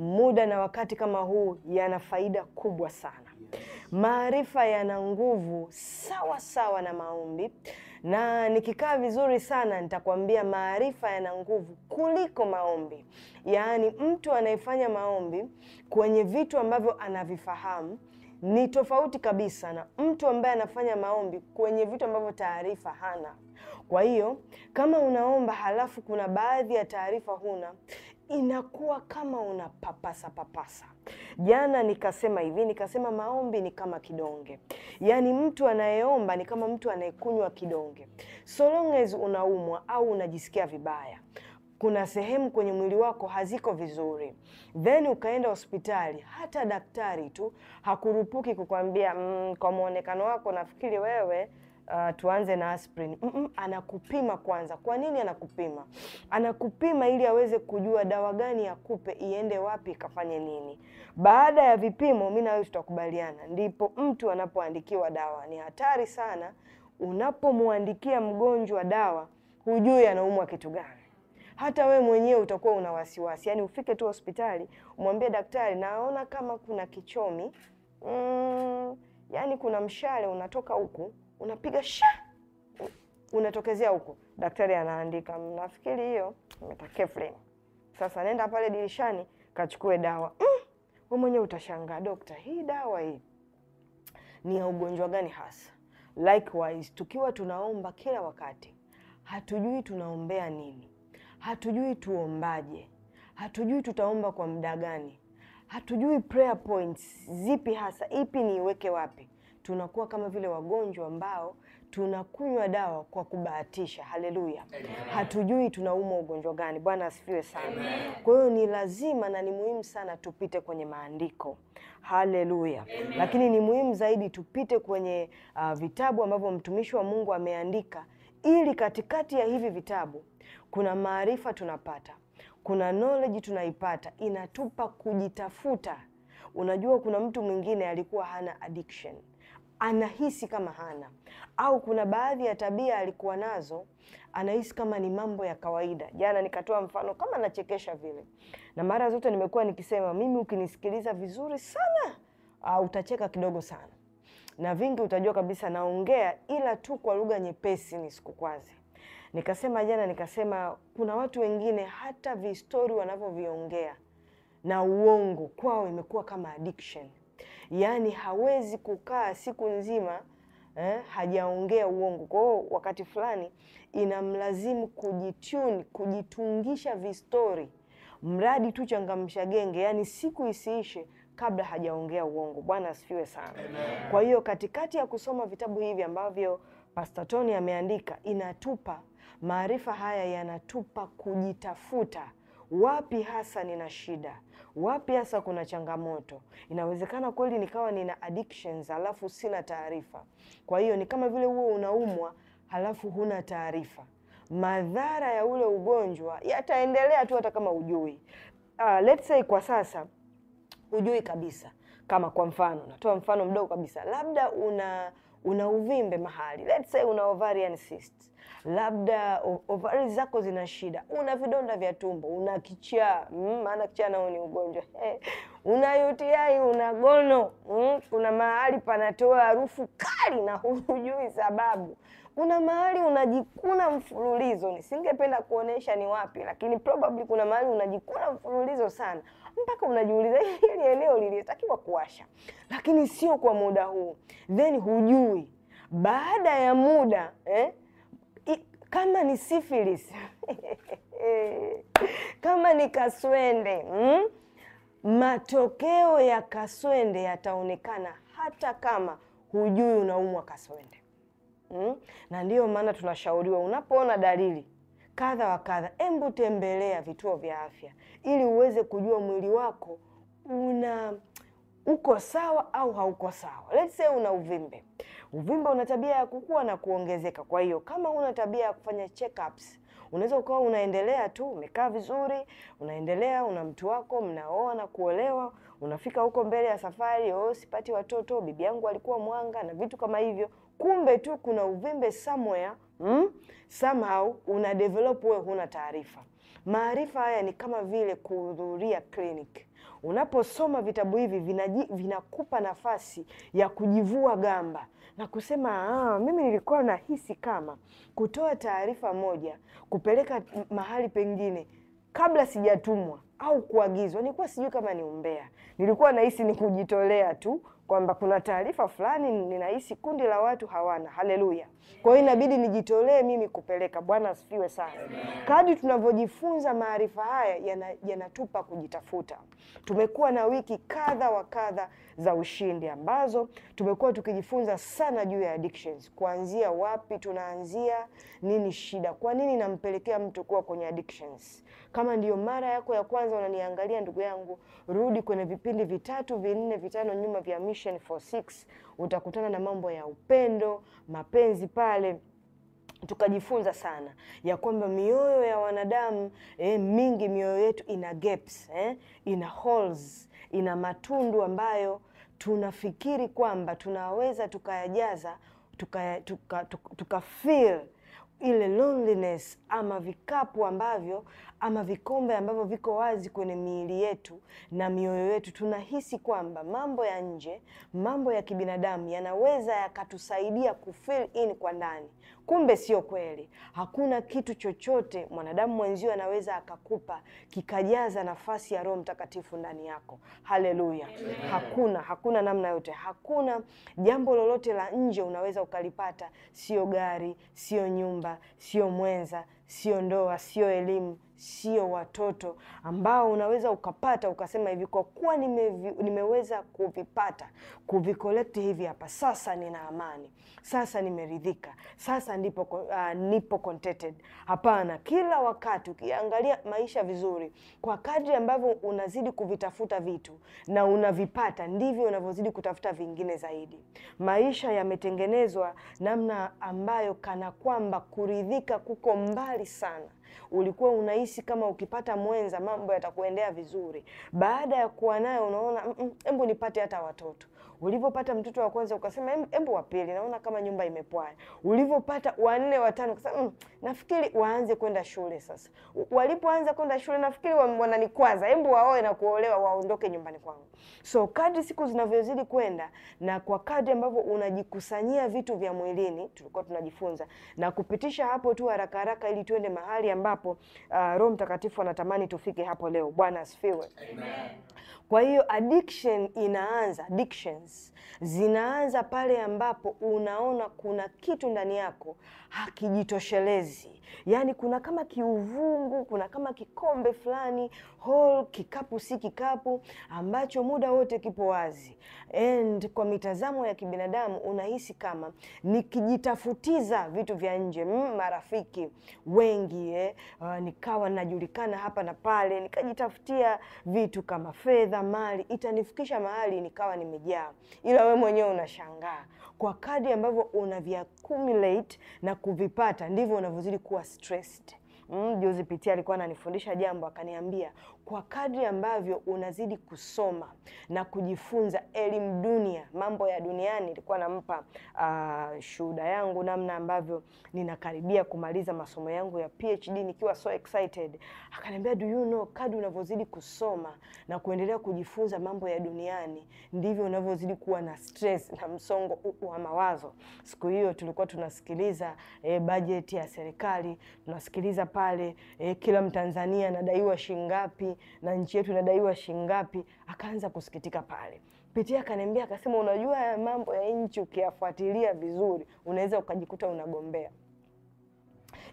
muda na wakati kama huu yana faida kubwa sana. Maarifa yana nguvu sawa sawa na maombi, na nikikaa vizuri sana nitakwambia maarifa yana nguvu kuliko maombi. Yaani, mtu anayefanya maombi kwenye vitu ambavyo anavifahamu ni tofauti kabisa na mtu ambaye anafanya maombi kwenye vitu ambavyo taarifa hana. Kwa hiyo kama unaomba halafu kuna baadhi ya taarifa huna inakuwa kama unapapasa papasa. Jana nikasema hivi, nikasema maombi ni kama kidonge, yaani mtu anayeomba ni kama mtu anayekunywa kidonge. So long as unaumwa au unajisikia vibaya kuna sehemu kwenye mwili wako haziko vizuri, then ukaenda hospitali, hata daktari tu hakurupuki kukwambia mm, kwa mwonekano wako nafikiri wewe uh, tuanze na aspirin mm -mm, anakupima kwanza. Kwa nini anakupima? Anakupima ili aweze kujua dawa gani akupe, iende wapi, ikafanye nini. Baada ya vipimo, mi na wewe tutakubaliana, ndipo mtu anapoandikiwa dawa. Ni hatari sana unapomwandikia mgonjwa dawa, hujui anaumwa kitu gani hata we mwenyewe utakuwa una wasiwasi, yaani ufike tu hospitali umwambie daktari, naona kama kuna kichomi mm, yaani kuna mshale unatoka huku unapiga sha, unatokezea huko. Daktari anaandika, nafikiri hiyo Metacafrin. Sasa nenda pale dirishani kachukue dawa. Mm, We mwenyewe utashangaa, dokta, hii dawa hii ni ya ugonjwa gani hasa? Likewise, tukiwa tunaomba kila wakati, hatujui tunaombea nini, hatujui tuombaje, hatujui tutaomba kwa muda gani, hatujui prayer points zipi hasa, ipi niiweke wapi tunakuwa kama vile wagonjwa ambao tunakunywa dawa kwa kubahatisha. Haleluya, hatujui tunaumwa ugonjwa gani. Bwana asifiwe sana. Kwa hiyo ni lazima na ni muhimu sana tupite kwenye maandiko. Haleluya, lakini ni muhimu zaidi tupite kwenye uh, vitabu ambavyo mtumishi wa Mungu ameandika, ili katikati ya hivi vitabu kuna maarifa tunapata, kuna knowledge tunaipata, inatupa kujitafuta. Unajua, kuna mtu mwingine alikuwa hana addiction anahisi kama hana au kuna baadhi ya tabia alikuwa nazo anahisi kama ni mambo ya kawaida. Jana nikatoa mfano kama nachekesha vile, na mara zote nimekuwa nikisema mimi, ukinisikiliza vizuri sana uh, utacheka kidogo sana, na vingi utajua kabisa naongea, ila tu kwa lugha nyepesi nisikukwaze. Nikasema jana, nikasema kuna watu wengine hata vistori wanavyoviongea na uongo kwao imekuwa kama addiction yaani hawezi kukaa siku nzima eh, hajaongea uongo. Kwa hiyo wakati fulani inamlazimu kujituni, kujitungisha vistori, mradi tu changamsha genge, yaani siku isiishe kabla hajaongea uongo. Bwana asifiwe sana. Amen. Kwa hiyo katikati ya kusoma vitabu hivi ambavyo Pastor Tony ameandika, inatupa maarifa haya, yanatupa kujitafuta, wapi hasa nina shida wapi hasa kuna changamoto. Inawezekana kweli nikawa nina addictions halafu sina taarifa. Kwa hiyo ni kama vile huo unaumwa halafu huna taarifa. Madhara ya ule ugonjwa yataendelea tu hata kama ujui Uh, ah, let's say kwa sasa hujui kabisa. Kama kwa mfano, natoa mfano mdogo kabisa, labda una una uvimbe mahali, let's say una ovarian cyst labda ovari zako zina shida, una vidonda vya tumbo, una kichaa, mm, maana kichaa nao ni ugonjwa eh, una UTI, una gono mm, kuna mahali panatoa harufu kali na hujui sababu, kuna mahali unajikuna mfululizo. Nisingependa kuonesha ni wapi, lakini probably kuna mahali unajikuna mfululizo sana mpaka unajiuliza hili eneo lilitakiwa kuwasha, lakini sio kwa muda huu, then hujui baada ya muda eh, kama ni syphilis kama ni kaswende mm? Matokeo ya kaswende yataonekana hata kama hujui unaumwa kaswende mm? Na ndiyo maana tunashauriwa unapoona dalili kadha wa kadha, embu tembelea vituo vya afya ili uweze kujua mwili wako una uko sawa au hauko sawa. Let's say una uvimbe, uvimbe una tabia ya kukua na kuongezeka. Kwa hiyo kama una tabia ya kufanya checkups, unaweza ukawa unaendelea tu, umekaa vizuri, unaendelea, una mtu wako, mnaoa na kuolewa, unafika huko mbele ya safari, oh, sipati watoto, bibi yangu alikuwa mwanga na vitu kama hivyo, kumbe tu kuna uvimbe somewhere mm? somehow una develop, wewe huna taarifa. Maarifa haya ni kama vile kuhudhuria kliniki Unaposoma vitabu hivi vinakupa vinakupa nafasi ya kujivua gamba na kusema ah, mimi nilikuwa nahisi kama kutoa taarifa moja kupeleka mahali pengine kabla sijatumwa au kuagizwa, nilikuwa sijui kama ni umbea, nilikuwa nahisi ni kujitolea tu kwamba kuna taarifa fulani ninahisi kundi la watu hawana. Haleluya! Kwa hiyo inabidi nijitolee mimi kupeleka. Bwana asifiwe sana. Kadri tunavyojifunza maarifa haya, yanatupa yana kujitafuta. Tumekuwa na wiki kadha wa kadha za ushindi ambazo tumekuwa tukijifunza sana juu ya addictions. Kuanzia wapi tunaanzia? Nini shida? Kwa nini nampelekea mtu kuwa kwenye addictions? Kama ndiyo mara yako ya kwanza unaniangalia, ndugu yangu, rudi kwenye vipindi vitatu vinne vitano nyuma vya Mission 46 utakutana na mambo ya upendo, mapenzi pale tukajifunza sana ya kwamba mioyo ya wanadamu eh, mingi mioyo yetu ina gaps eh, ina holes, ina matundu ambayo tunafikiri kwamba tunaweza tukayajaza tuka, tuka, tuka, tuka feel ile loneliness ama vikapu ambavyo ama vikombe ambavyo viko wazi kwenye miili yetu na mioyo yetu, tunahisi kwamba mambo ya nje, mambo ya kibinadamu yanaweza yakatusaidia kufill in kwa ndani. Kumbe sio kweli. Hakuna kitu chochote mwanadamu mwenzio anaweza akakupa kikajaza nafasi ya Roho Mtakatifu ndani yako. Haleluya! Hakuna, hakuna namna yote, hakuna jambo lolote la nje unaweza ukalipata, sio gari, sio nyumba, sio mwenza, sio ndoa, sio elimu sio watoto ambao unaweza ukapata ukasema hivi, kwa kuwa nime, nimeweza kuvipata kuvikolekti hivi hapa, sasa nina amani, sasa nimeridhika, sasa ndipo, uh, nipo contented. Hapana, kila wakati ukiangalia maisha vizuri, kwa kadri ambavyo unazidi kuvitafuta vitu na unavipata, ndivyo unavyozidi kutafuta vingine zaidi. Maisha yametengenezwa namna ambayo kana kwamba kuridhika kuko mbali sana ulikuwa unahisi kama ukipata mwenza mambo yatakuendea vizuri. Baada ya kuwa naye unaona hebu nipate hata watoto ulivyopata mtoto wa kwanza ukasema hebu wa pili, naona kama nyumba imepwaya. Ulivyopata wanne watano kasema mm, nafikiri waanze kwenda shule sasa. Walipoanza kwenda shule nafikiri wananikwaza, hebu waoe na kuolewa waondoke nyumbani kwangu. So kadri siku zinavyozidi kwenda na kwa kadri ambavyo unajikusanyia vitu vya mwilini, tulikuwa tunajifunza na kupitisha hapo tu haraka haraka ili tuende mahali ambapo uh, Roho Mtakatifu anatamani tufike hapo leo. Bwana asifiwe. Kwa hiyo addiction inaanza, addictions zinaanza pale ambapo unaona kuna kitu ndani yako hakijitoshelezi yaani kuna kama kiuvungu, kuna kama kikombe fulani hol, kikapu si kikapu, ambacho muda wote kipo wazi, and kwa mitazamo ya kibinadamu unahisi kama nikijitafutiza vitu vya nje, mm, marafiki wengi eh, uh, nikawa najulikana hapa na pale, nikajitafutia vitu kama fedha, mali, itanifikisha mahali nikawa nimejaa, ila we mwenyewe unashangaa kwa kadi ambavyo unaviaccumulate na kuvipata ndivyo unavyozidi kuwa stressed. Mm, juzi Pitia alikuwa ananifundisha jambo akaniambia, kwa kadri ambavyo unazidi kusoma na kujifunza elimu dunia, mambo ya duniani. Nilikuwa nampa uh, shuhuda yangu namna ambavyo ninakaribia kumaliza masomo yangu ya PhD nikiwa so excited. Akaniambia, do you know, kadri unavyozidi kusoma na kuendelea kujifunza mambo ya duniani ndivyo unavyozidi kuwa na stress na msongo wa mawazo. Siku hiyo tulikuwa tunasikiliza eh, bajeti ya serikali tunasikiliza pale eh, kila Mtanzania anadaiwa shilingi ngapi na nchi yetu inadaiwa shingapi? Akaanza kusikitika pale. Pitia akaniambia akasema, unajua ya mambo ya nchi ukiyafuatilia vizuri unaweza ukajikuta unagombea.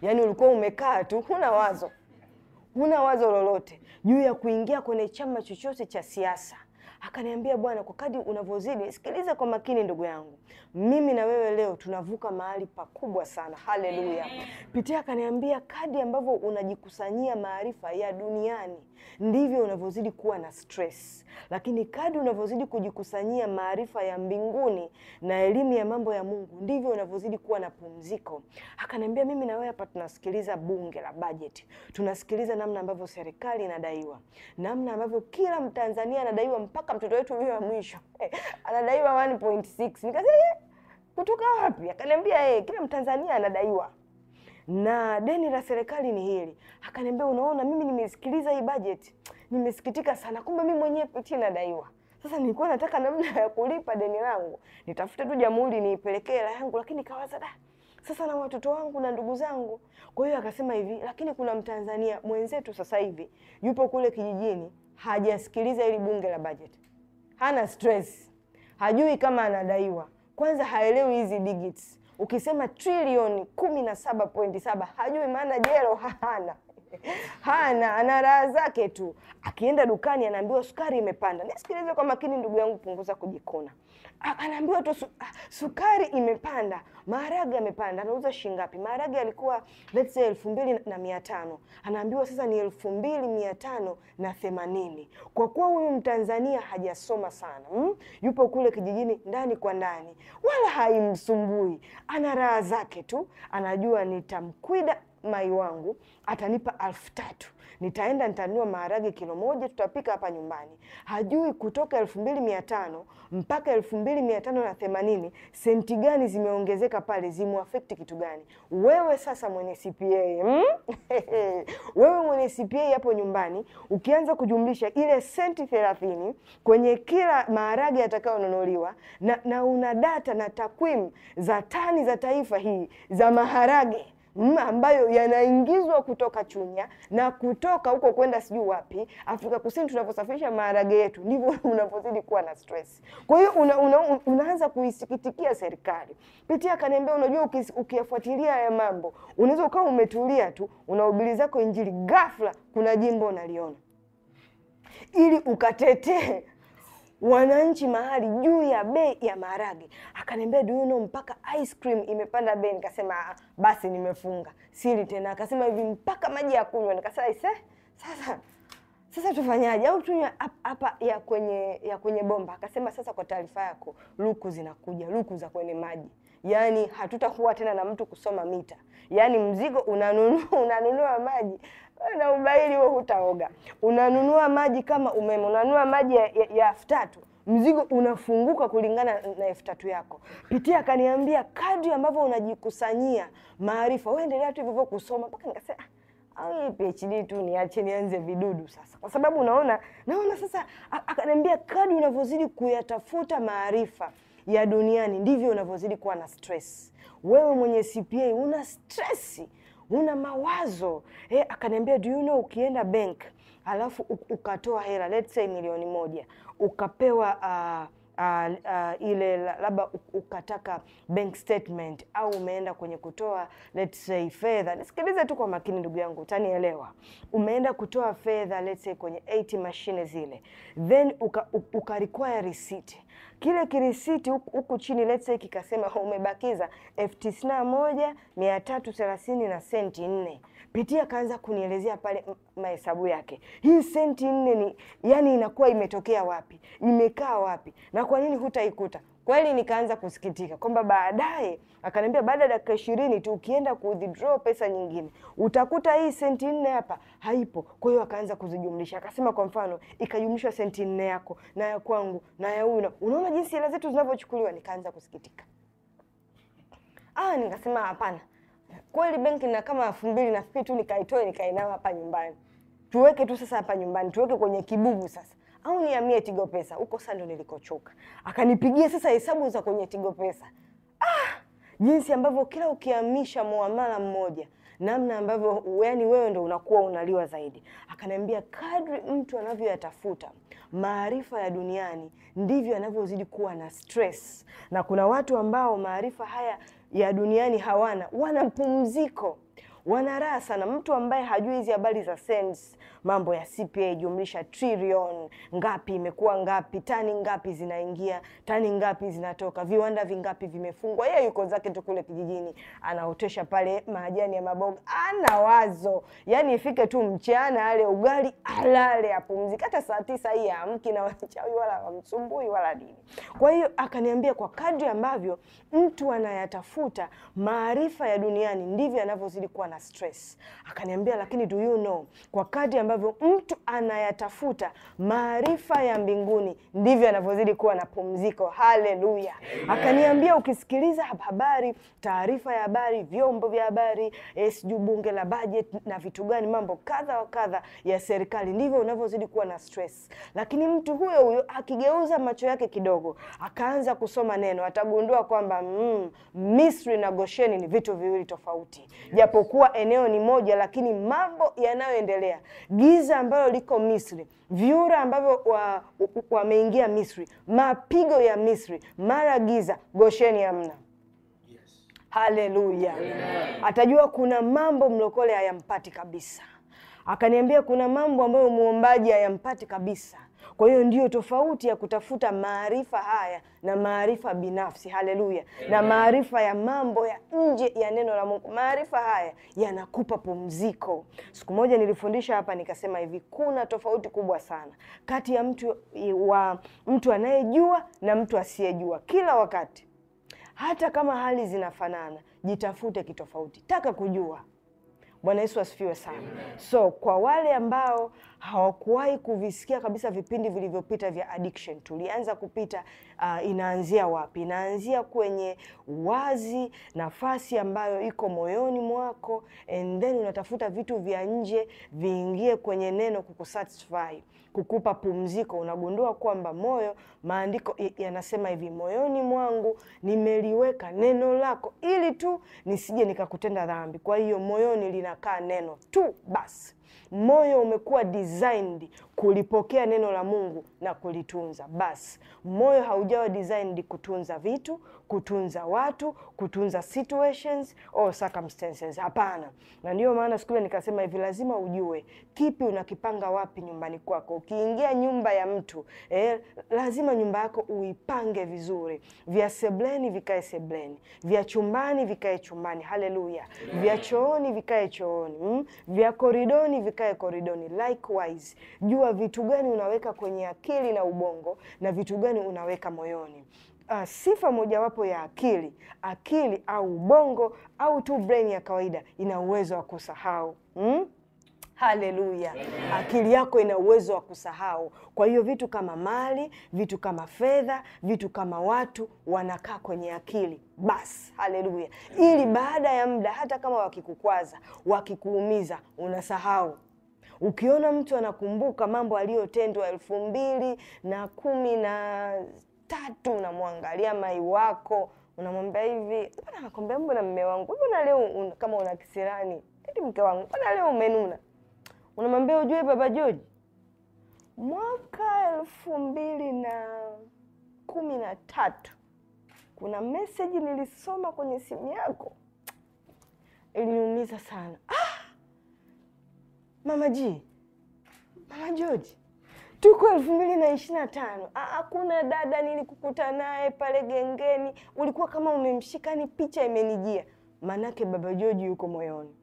Yaani ulikuwa umekaa tu, huna wazo, huna wazo lolote juu ya kuingia kwenye chama chochote cha siasa Akaniambia, bwana, kwa kadi unavyozidi, sikiliza kwa makini ndugu yangu, mimi na wewe leo tunavuka mahali pakubwa sana. Haleluya! Pitia akaniambia, kadi ambavyo unajikusanyia maarifa ya duniani ndivyo unavyozidi kuwa na stress, lakini kadi unavyozidi kujikusanyia maarifa ya mbinguni na elimu ya mambo ya Mungu ndivyo unavyozidi kuwa na pumziko. Akaniambia, mimi na wewe hapa tunasikiliza bunge la bajeti, tunasikiliza namna ambavyo serikali inadaiwa, namna ambavyo kila Mtanzania anadaiwa mpaka kutoka mtoto wetu huyo wa mwisho eh, anadaiwa 1.6. Nikasema eh, kutoka wapi? Akaniambia eh, kila Mtanzania anadaiwa na deni la serikali ni hili. Akaniambia unaona, mimi nimesikiliza hii budget, nimesikitika sana, kumbe mimi mwenyewe piti nadaiwa. Sasa nilikuwa nataka namna ya kulipa deni langu, nitafute tu jamhuri niipelekee hela yangu, lakini kawaza da sasa na watoto wangu na ndugu zangu. Kwa hiyo akasema hivi, lakini kuna mtanzania mwenzetu sasa hivi yupo kule kijijini hajasikiliza hili bunge la bajeti, hana stress, hajui kama anadaiwa. Kwanza haelewi hizi digits, ukisema trilioni kumi na saba pointi saba hajui maana jero hana hana ana raha zake tu. Akienda dukani anaambiwa sukari imepanda. Nisikilize kwa makini, ndugu yangu, punguza kujikuna anaambiwa tu su, sukari imepanda, maharage yamepanda. Anauza shilingi ngapi? Maharage yalikuwa let's say elfu mbili na mia tano anaambiwa sasa ni elfu mbili mia tano na themanini Kwa kuwa huyu mtanzania hajasoma sana mm? yupo kule kijijini ndani kwa ndani, wala haimsumbui, ana raha zake tu, anajua nitamkwida mai wangu atanipa elfu tatu nitaenda nitanua maharage kilo moja tutapika hapa nyumbani. Hajui kutoka elfu mbili mia tano mpaka elfu mbili mia tano na themanini senti gani zimeongezeka pale, zimuafekti kitu gani? Wewe sasa mwenye CPA mm? wewe mwenye CPA hapo nyumbani ukianza kujumlisha ile senti thelathini kwenye kila maharage yatakayonunuliwa na, na una data na takwimu za tani za taifa hii za maharage ambayo yanaingizwa kutoka Chunya na kutoka huko kwenda sijui wapi Afrika Kusini. Tunavyosafirisha maharage yetu ndivyo unavyozidi kuwa na stress. Kwa hiyo una, una, una, unaanza kuisikitikia serikali pitia, akaniambia unajua, ukiyafuatilia haya mambo unaweza ukawa umetulia tu unahubiri zako Injili, ghafla kuna jimbo unaliona ili ukatetee wananchi mahali juu ya bei ya maharage. Akaniambia do you know, mpaka ice cream imepanda bei. Nikasema ah, basi nimefunga, sili tena. Akasema hivi mpaka maji ya kunywa. Nikasema ise, sasa sasa tufanyaje? Au tunywe hapa ya kwenye ya kwenye bomba? Akasema sasa, kwa taarifa yako, luku zinakuja, luku za kwenye maji Yaani hatutakuwa tena na mtu kusoma mita, yaani mzigo unanunua unanunua maji na ubaili wewe hutaoga. Unanunua maji kama umeme, unanunua maji ya, ya, ya elfu tatu mzigo unafunguka kulingana na elfu tatu yako. Pitia akaniambia kadri ambavyo unajikusanyia maarifa, wewe endelea tu hivyo kusoma. Mpaka nikasema au ah, PhD tu niache nianze vidudu sasa, kwa sababu unaona, naona sasa. Akaniambia kadri unavyozidi kuyatafuta maarifa ya duniani ndivyo unavyozidi kuwa na stress. Wewe mwenye CPA una stress una mawazo e, Akaniambia, do you know, ukienda bank alafu ukatoa hela let's say milioni moja ukapewa uh, uh, uh, ile labda ukataka bank statement au umeenda kwenye kutoa let's say fedha. Nisikilize tu kwa makini ndugu yangu, utanielewa. Umeenda kutoa fedha let's say kwenye 80 machine zile, then uka, uka require receipt kile kirisiti huku chini let's say kikasema umebakiza elfu tisini na moja mia tatu thelathini na senti nne Pitia akaanza kunielezea pale mahesabu yake, hii senti nne ni yani inakuwa imetokea wapi, imekaa wapi na kwa nini hutaikuta? Kweli nikaanza kusikitika kwamba baadaye akaniambia, baada ya dakika ishirini tu ukienda kuwithdraw pesa nyingine utakuta hii senti nne hapa haipo. Kwa hiyo akaanza kuzijumlisha, akasema kwa mfano ikajumlishwa senti nne yako na ya kwangu na ya huyu. Unaona jinsi hela zetu zinavyochukuliwa. Nikaanza kusikitika. Ah, nikasema hapana kweli benki na kama elfu mbili nafikiri tu nikaitoe nikainawa hapa nyumbani, tuweke tu sasa hapa nyumbani, tuweke kwenye kibubu sasa, au niamie Tigo Pesa huko. sando nilikochoka, akanipigia sasa hesabu za kwenye Tigo Pesa. Ah, jinsi ambavyo kila ukiamisha muamala mmoja namna ambavyo yani wewe ndo unakuwa unaliwa zaidi. Akaniambia kadri mtu anavyoyatafuta maarifa ya duniani ndivyo anavyozidi kuwa na stress, na kuna watu ambao maarifa haya ya duniani hawana, wana pumziko, wana raha sana. Mtu ambaye hajui hizi habari za sense mambo ya CPA jumlisha trillion ngapi imekuwa ngapi, tani ngapi zinaingia, tani ngapi zinatoka, viwanda vingapi vimefungwa. Yeye yuko zake tu kule kijijini anaotesha pale majani ya maboga, ana wazo yani ifike tu mchana ale ugali alale apumzike, hata saa tisa hii amki na wachawi wala wamsumbui wala nini. Kwa hiyo akaniambia kwa kadri ambavyo mtu anayatafuta maarifa ya duniani ndivyo anavyozidi kuwa na stress. Akaniambia lakini do you know, kwa kadri ambavyo ambavyo mtu anayatafuta maarifa ya mbinguni ndivyo anavyozidi kuwa na pumziko. Haleluya! Akaniambia, ukisikiliza habari, taarifa ya habari, vyombo vya habari, eh, sijui bunge la bajeti na vitu gani, mambo kadha wa kadha ya serikali, ndivyo unavyozidi kuwa na stress. Lakini mtu huyo huyo akigeuza macho yake kidogo, akaanza kusoma neno, atagundua kwamba mm, Misri na Gosheni ni vitu viwili tofauti, japokuwa eneo ni moja, lakini mambo yanayoendelea giza ambalo liko Misri, vyura ambavyo wameingia wa Misri, mapigo ya Misri, mara giza. Gosheni amna Yes. Haleluya! Atajua kuna mambo mlokole hayampati kabisa. Akaniambia kuna mambo ambayo muombaji hayampati kabisa kwa hiyo ndiyo tofauti ya kutafuta maarifa haya na maarifa binafsi. Haleluya! na maarifa ya mambo ya nje ya neno la Mungu. Maarifa haya yanakupa pumziko. Siku moja nilifundisha hapa nikasema hivi, kuna tofauti kubwa sana kati ya mtu wa mtu anayejua na mtu asiyejua. Kila wakati, hata kama hali zinafanana, jitafute kitofauti. Taka kujua Bwana Yesu asifiwe sana. Amen. So kwa wale ambao hawakuwahi kuvisikia kabisa vipindi vilivyopita vya addiction, tulianza kupita uh, inaanzia wapi? Inaanzia kwenye wazi, nafasi ambayo iko moyoni mwako, and then unatafuta vitu vya nje viingie kwenye neno kukusatisfy kukupa pumziko, unagundua kwamba moyo, maandiko yanasema hivi, moyoni mwangu nimeliweka neno lako ili tu nisije nikakutenda dhambi. Kwa hiyo moyoni linakaa neno tu basi. Moyo umekuwa designed kulipokea neno la Mungu na kulitunza. Basi moyo haujawa designed kutunza vitu, kutunza watu, kutunza situations or circumstances. Hapana. Na ndiyo maana siku ile nikasema hivi, lazima ujue kipi unakipanga wapi nyumbani kwako. Ukiingia nyumba ya mtu eh, lazima nyumba yako uipange vizuri, vya sebleni vikae sebleni, vya chumbani vikae chumbani. Haleluya! vya chooni vikae chooni, mm? vya koridoni vikae koridoni. Likewise jua kujua vitu gani unaweka kwenye akili na ubongo na vitu gani unaweka moyoni. Uh, sifa mojawapo ya akili akili au ubongo au tu brain ya kawaida ina uwezo wa kusahau hmm? Haleluya, akili yako ina uwezo wa kusahau. Kwa hiyo vitu kama mali, vitu kama fedha, vitu kama watu wanakaa kwenye akili basi. Haleluya, ili baada ya muda hata kama wakikukwaza, wakikuumiza, unasahau. Ukiona mtu anakumbuka mambo aliyotendwa elfu mbili na kumi na tatu, unamwangalia mai wako unamwambia hivi, mbona nakwambia, mbona mme wangu, mbona leo un, kama una kisirani eti mke wangu, mbona leo umenuna? Unamwambia ujue, baba joji mwaka elfu mbili na kumi na tatu kuna meseji nilisoma kwenye simu yako iliniumiza sana. Ah! Mama Ji, Mama George, tuko elfu mbili na ishirini na tano. Hakuna dada nilikukuta naye pale gengeni, ulikuwa kama umemshika, ni picha imenijia. Manake Baba George yuko moyoni,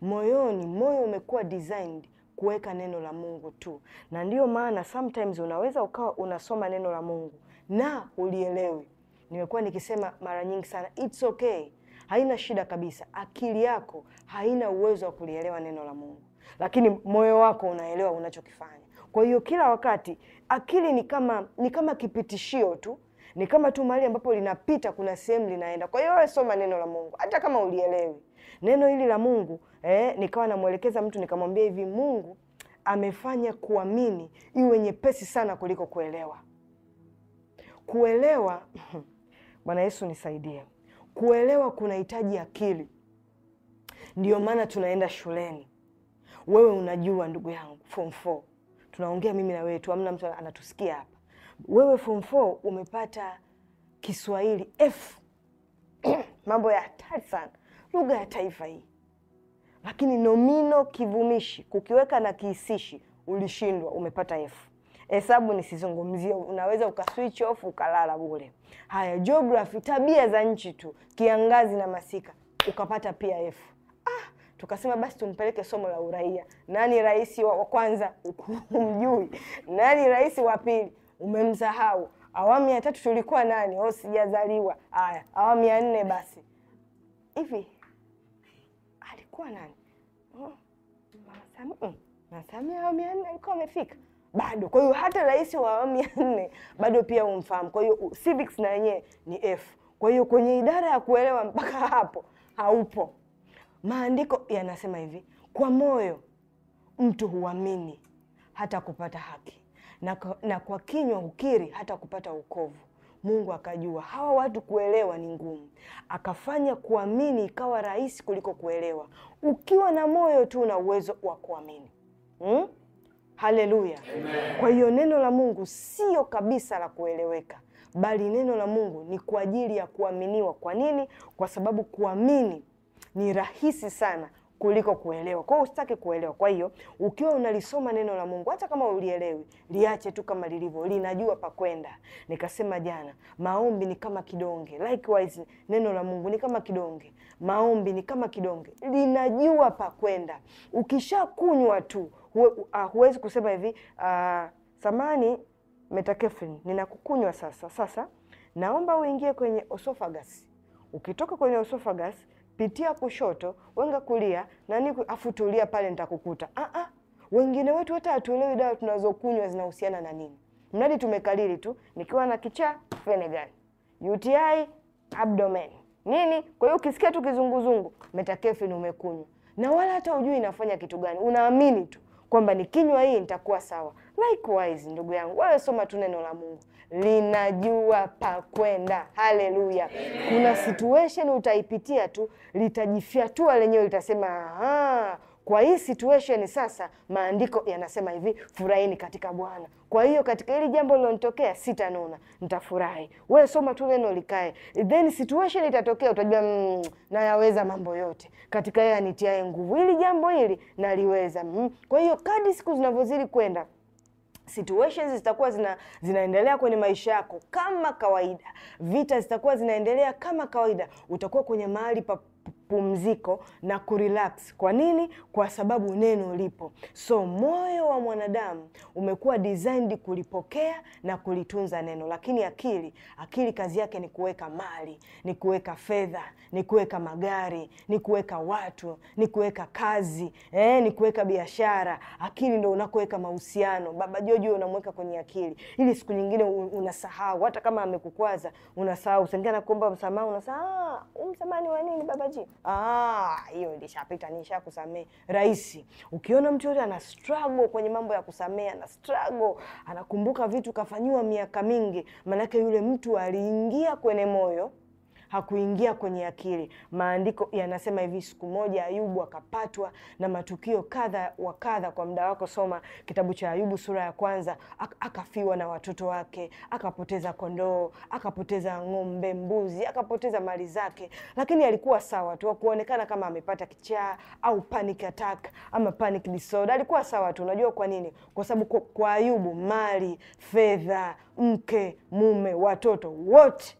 moyoni. Moyo umekuwa designed kuweka neno la Mungu tu, na ndiyo maana sometimes unaweza ukawa unasoma neno la Mungu na ulielewi. Nimekuwa nikisema mara nyingi sana, it's okay, haina shida kabisa. Akili yako haina uwezo wa kulielewa neno la Mungu lakini moyo wako unaelewa unachokifanya. Kwa hiyo kila wakati akili ni kama ni kama kipitishio tu, ni kama tu mahali ambapo linapita, kuna sehemu linaenda. Kwa hiyo wewe soma neno la Mungu hata kama ulielewi neno hili la Mungu. Eh, nikawa namwelekeza mtu nikamwambia hivi, Mungu amefanya kuamini iwe nyepesi sana kuliko kuelewa. Kuelewa Bwana Yesu nisaidie, kuelewa kunahitaji akili. Ndiyo maana tunaenda shuleni wewe unajua ndugu yangu, form 4 tunaongea mimi na wewe tu, amna mtu anatusikia hapa. Wewe form 4 umepata Kiswahili F mambo ya hatari sana, lugha ya taifa hii. Lakini nomino kivumishi, kukiweka na kihisishi ulishindwa, umepata F. Hesabu nisizungumzie, unaweza ukaswitch off ukalala bure. Haya, geography, tabia za nchi tu, kiangazi na masika, ukapata pia F tukasema basi tumpeleke somo la uraia. Nani rais wa kwanza? Umjui. Nani rais wa pili? Umemsahau. Awamu ya tatu tulikuwa nani? O, oh, sijazaliwa. Haya, awamu ya nne basi hivi alikuwa nani? Oh, mm, Mama Samia awamu ya nne alikuwa amefika bado. Kwa hiyo hata rais wa awamu ya nne bado pia umfahamu. Kwa hiyo civics na yenyewe ni F. Kwa hiyo kwenye idara ya kuelewa mpaka hapo haupo. Maandiko yanasema hivi, kwa moyo mtu huamini hata kupata haki na kwa, na kwa kinywa hukiri hata kupata ukovu Mungu akajua hawa watu kuelewa ni ngumu, akafanya kuamini ikawa rahisi kuliko kuelewa. Ukiwa na moyo tu una uwezo wa kuamini hmm? Haleluya! Kwa hiyo neno la Mungu sio kabisa la kueleweka, bali neno la Mungu ni kwa ajili ya kuaminiwa. Kwa nini? Kwa sababu kuamini ni rahisi sana kuliko kuelewa. Kwa hiyo usitaki kuelewa. Kwa hiyo ukiwa unalisoma neno la Mungu hata kama ulielewi, liache tu kama lilivyo, linajua pa kwenda. Nikasema jana, maombi ni kama kidonge. Likewise, neno la Mungu ni kama kidonge, maombi ni kama kidonge, linajua pa kwenda. Ukishakunywa tu ah, huwezi uh, kusema hivi uh, samani metakefrin, ninakukunywa sasa. Sasa naomba uingie kwenye esophagus. Ukitoka kwenye esophagus pitia kushoto, wenga kulia, nani afu pale nitakukuta. Ah ah. Wengine wetu hata hatuelewi dawa tunazokunywa zinahusiana na nini. Mradi tumekalili tu nikiwa na kichaa Fenegan. UTI abdomen. Nini? Kwa hiyo ukisikia tu kizunguzungu, metakefin umekunywa. Na wala hata ujui inafanya kitu gani. Unaamini tu kwamba nikinywa hii nitakuwa sawa. Likewise, ndugu yangu, wewe soma tu neno la Mungu, linajua pa kwenda. Haleluya! Kuna situation utaipitia tu, litajifyatua lenyewe, litasema kwa hii situation sasa, maandiko yanasema hivi, furahini katika Bwana. Kwa hiyo katika hili jambo lilonitokea, sitanuna, nitafurahi. Wewe soma tu neno likae, then situation itatokea, utajua mm, nayaweza mambo yote katika yeye anitiaye nguvu. Hili jambo hili naliweza, mm. Kwa hiyo kadi siku zinavyozidi kwenda situations zitakuwa zina, zinaendelea kwenye maisha yako kama kawaida, vita zitakuwa zinaendelea kama kawaida, utakuwa kwenye mahali pa pumziko na kurelax. Kwa nini? Kwa sababu neno lipo. So moyo wa mwanadamu umekuwa designed kulipokea na kulitunza neno, lakini akili, akili kazi yake ni kuweka mali, ni kuweka fedha, ni kuweka magari, ni kuweka watu, ni kuweka kazi eh, ni kuweka biashara. Akili ndo unakoweka mahusiano. Baba Joji unamweka kwenye akili, ili siku nyingine unasahau, hata kama amekukwaza unasahau. Sengia kuomba msamaha, unasahau ah, msamaha ni wa nini babaji Ah, hiyo ah, ilishapita, nisha kusamea rahisi. Ukiona mtu yote ana struggle kwenye mambo ya kusamea ana struggle, anakumbuka vitu kafanyiwa miaka mingi, maanake yule mtu aliingia kwenye moyo hakuingia kwenye akili. Maandiko yanasema hivi, siku moja Ayubu akapatwa na matukio kadha wa kadha. Kwa muda wako soma kitabu cha Ayubu sura ya kwanza. akafiwa na watoto wake, akapoteza kondoo, akapoteza ng'ombe, mbuzi, akapoteza mali zake, lakini alikuwa sawa tu, kuonekana kama amepata kichaa au panic attack ama panic disorder. Alikuwa sawa tu. Unajua kwa nini? Kwa sababu kwa, kwa Ayubu mali, fedha, mke, mume, watoto wote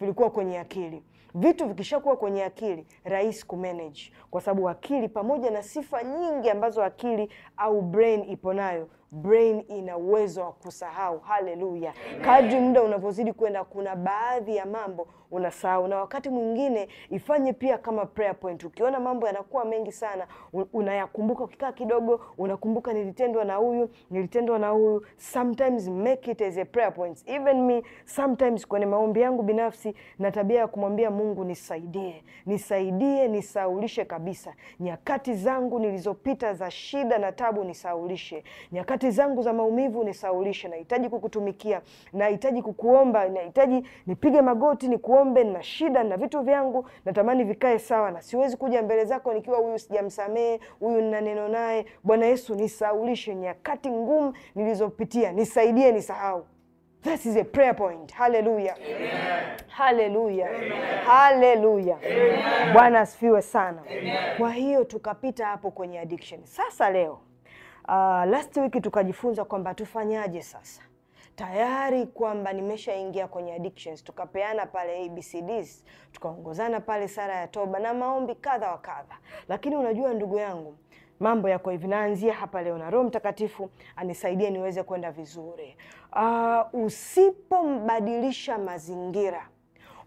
vilikuwa kwenye akili. Vitu vikishakuwa kwenye akili, rahisi kumanage, kwa sababu akili pamoja na sifa nyingi ambazo akili au brain ipo nayo brain ina uwezo wa kusahau. Haleluya! Kadri muda unavyozidi kwenda, kuna baadhi ya mambo unasahau, na wakati mwingine ifanye pia kama prayer point. Ukiona mambo yanakuwa mengi sana, unayakumbuka ukikaa kidogo, unakumbuka nilitendwa na huyu, nilitendwa na huyu. Sometimes make it as a prayer point. Even me sometimes kwenye maombi yangu binafsi na tabia ya kumwambia Mungu, nisaidie, nisaidie, nisaulishe kabisa nyakati zangu nilizopita za shida na tabu, nisaulishe nyakati zangu za maumivu, nisaulishe. Nahitaji kukutumikia, nahitaji kukuomba, nahitaji nipige magoti, nikuombe ng'ombe, nina shida, na vitu vyangu, natamani vikae sawa, na siwezi kuja mbele zako nikiwa huyu sijamsamehe, huyu nina neno naye. Bwana Yesu, nisaulishe nyakati ngumu nilizopitia, nisaidie nisahau. This is a prayer point. Hallelujah. Amen. Hallelujah. Amen. Hallelujah. Amen. Bwana asifiwe sana. Amen. Kwa hiyo tukapita hapo kwenye addiction. Sasa leo uh, last week tukajifunza kwamba tufanyaje sasa tayari kwamba nimeshaingia kwenye addictions, tukapeana pale ABCDs, tukaongozana pale sara ya toba na maombi kadha wa kadha. Lakini unajua ndugu yangu, mambo yako hivi, naanzia hapa leo na Roho Mtakatifu anisaidie niweze kwenda vizuri. Uh, ah, usipombadilisha mazingira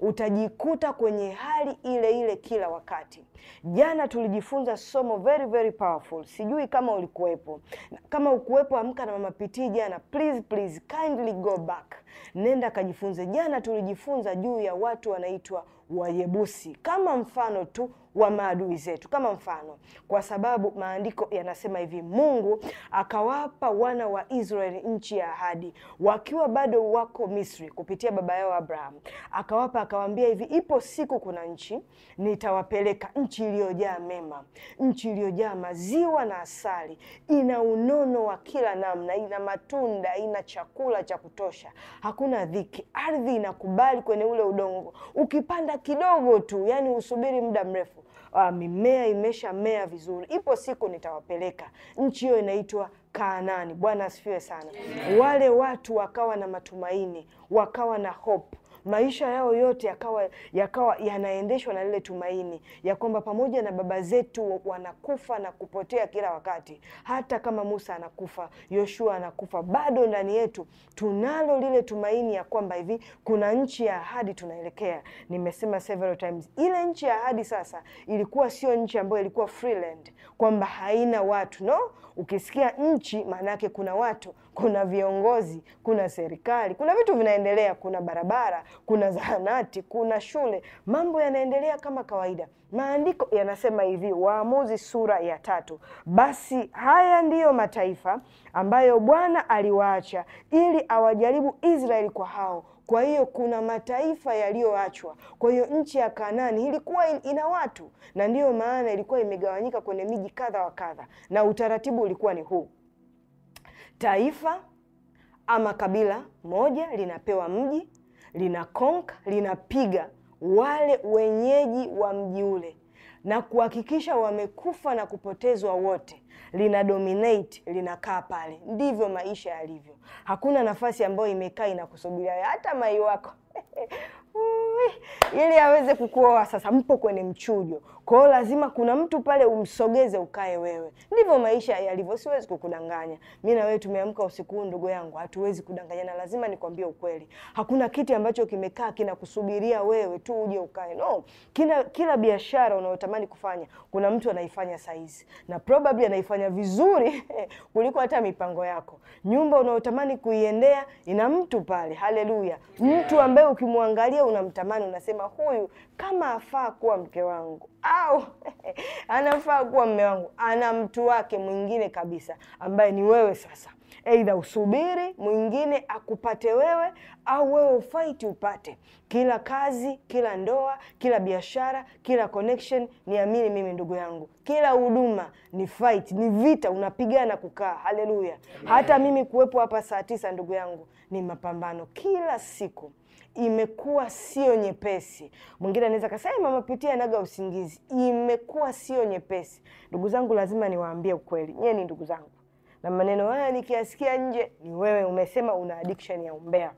utajikuta kwenye hali ile ile kila wakati. Jana tulijifunza somo very very powerful, sijui kama ulikuwepo. Kama ukuwepo, amka na mamapitii jana, please please kindly go back, nenda kajifunze. Jana tulijifunza juu ya watu wanaitwa Wayebusi, kama mfano tu wa maadui zetu. Kama mfano, kwa sababu maandiko yanasema hivi, Mungu akawapa wana wa Israeli nchi ya ahadi wakiwa bado wako Misri kupitia baba yao Abraham, akawapa akawaambia hivi, ipo siku kuna nchi nitawapeleka, nchi iliyojaa mema, nchi iliyojaa maziwa na asali, ina unono wa kila namna, ina matunda, ina chakula cha kutosha, hakuna dhiki, ardhi inakubali kwenye ule udongo, ukipanda kidogo tu, yani usubiri muda mrefu uh, mimea mea vizuri. Ipo siku nitawapeleka nchi hiyo inaitwa Kaanani. Bwana asifiwe sana. Wale watu wakawa na matumaini, wakawa na hope maisha yao yote yakawa yakawa yanaendeshwa na lile tumaini ya kwamba pamoja na baba zetu wanakufa na kupotea kila wakati, hata kama Musa anakufa, Yoshua anakufa, bado ndani yetu tunalo lile tumaini ya kwamba hivi kuna nchi ya ahadi tunaelekea. Nimesema several times, ile nchi ya ahadi sasa ilikuwa sio nchi ambayo ilikuwa freeland, kwamba haina watu no. Ukisikia nchi, maana yake kuna watu kuna viongozi, kuna serikali, kuna vitu vinaendelea, kuna barabara, kuna zahanati, kuna shule, mambo yanaendelea kama kawaida. Maandiko yanasema hivi, Waamuzi sura ya tatu, basi haya ndiyo mataifa ambayo Bwana aliwaacha ili awajaribu Israeli kwa hao kwa hiyo kuna mataifa yaliyoachwa. Kwa hiyo nchi ya Kanaani ilikuwa ina watu, na ndiyo maana ilikuwa imegawanyika kwenye miji kadha wa kadha, na utaratibu ulikuwa ni huu taifa ama kabila moja linapewa mji, lina konka linapiga wale wenyeji wa mji ule na kuhakikisha wamekufa na kupotezwa wote, lina dominate, linakaa pale. Ndivyo maisha yalivyo. Hakuna nafasi ambayo imekaa inakusubiria hata mai wako ili aweze kukuoa. Sasa mpo kwenye mchujo, kwa hiyo lazima kuna mtu pale umsogeze ukae wewe. Ndivyo maisha yalivyo, siwezi kukudanganya. Mimi na wewe tumeamka usiku huu, ndugu yangu, hatuwezi kudanganyana, lazima nikwambie ukweli. Hakuna kiti ambacho kimekaa kinakusubiria wewe tu uje ukae, no. Kila, kila biashara unayotamani kufanya kuna mtu anaifanya saizi, na probably anaifanya vizuri kuliko hata mipango yako. Nyumba unayotamani kuiendea ina mtu pale, haleluya, mtu ambaye ukimwangalia wewe unamtamani, unasema huyu kama afaa kuwa mke wangu au anafaa kuwa mme wangu, ana mtu wake mwingine kabisa ambaye ni wewe. Sasa aidha usubiri mwingine akupate wewe, au wewe ufaiti upate. Kila kazi, kila ndoa, kila biashara, kila connection, niamini mimi ndugu yangu, kila huduma ni fight, ni vita, unapigana kukaa. Haleluya! hata mimi kuwepo hapa saa tisa, ndugu yangu, ni mapambano kila siku imekuwa sio nyepesi. Mwingine anaweza kasema pitia naga usingizi, imekuwa sio nyepesi. Ndugu zangu, lazima niwaambie ukweli, nyewe ni ndugu zangu, na maneno haya nikiasikia nje, ni wewe umesema una addiction ya umbea.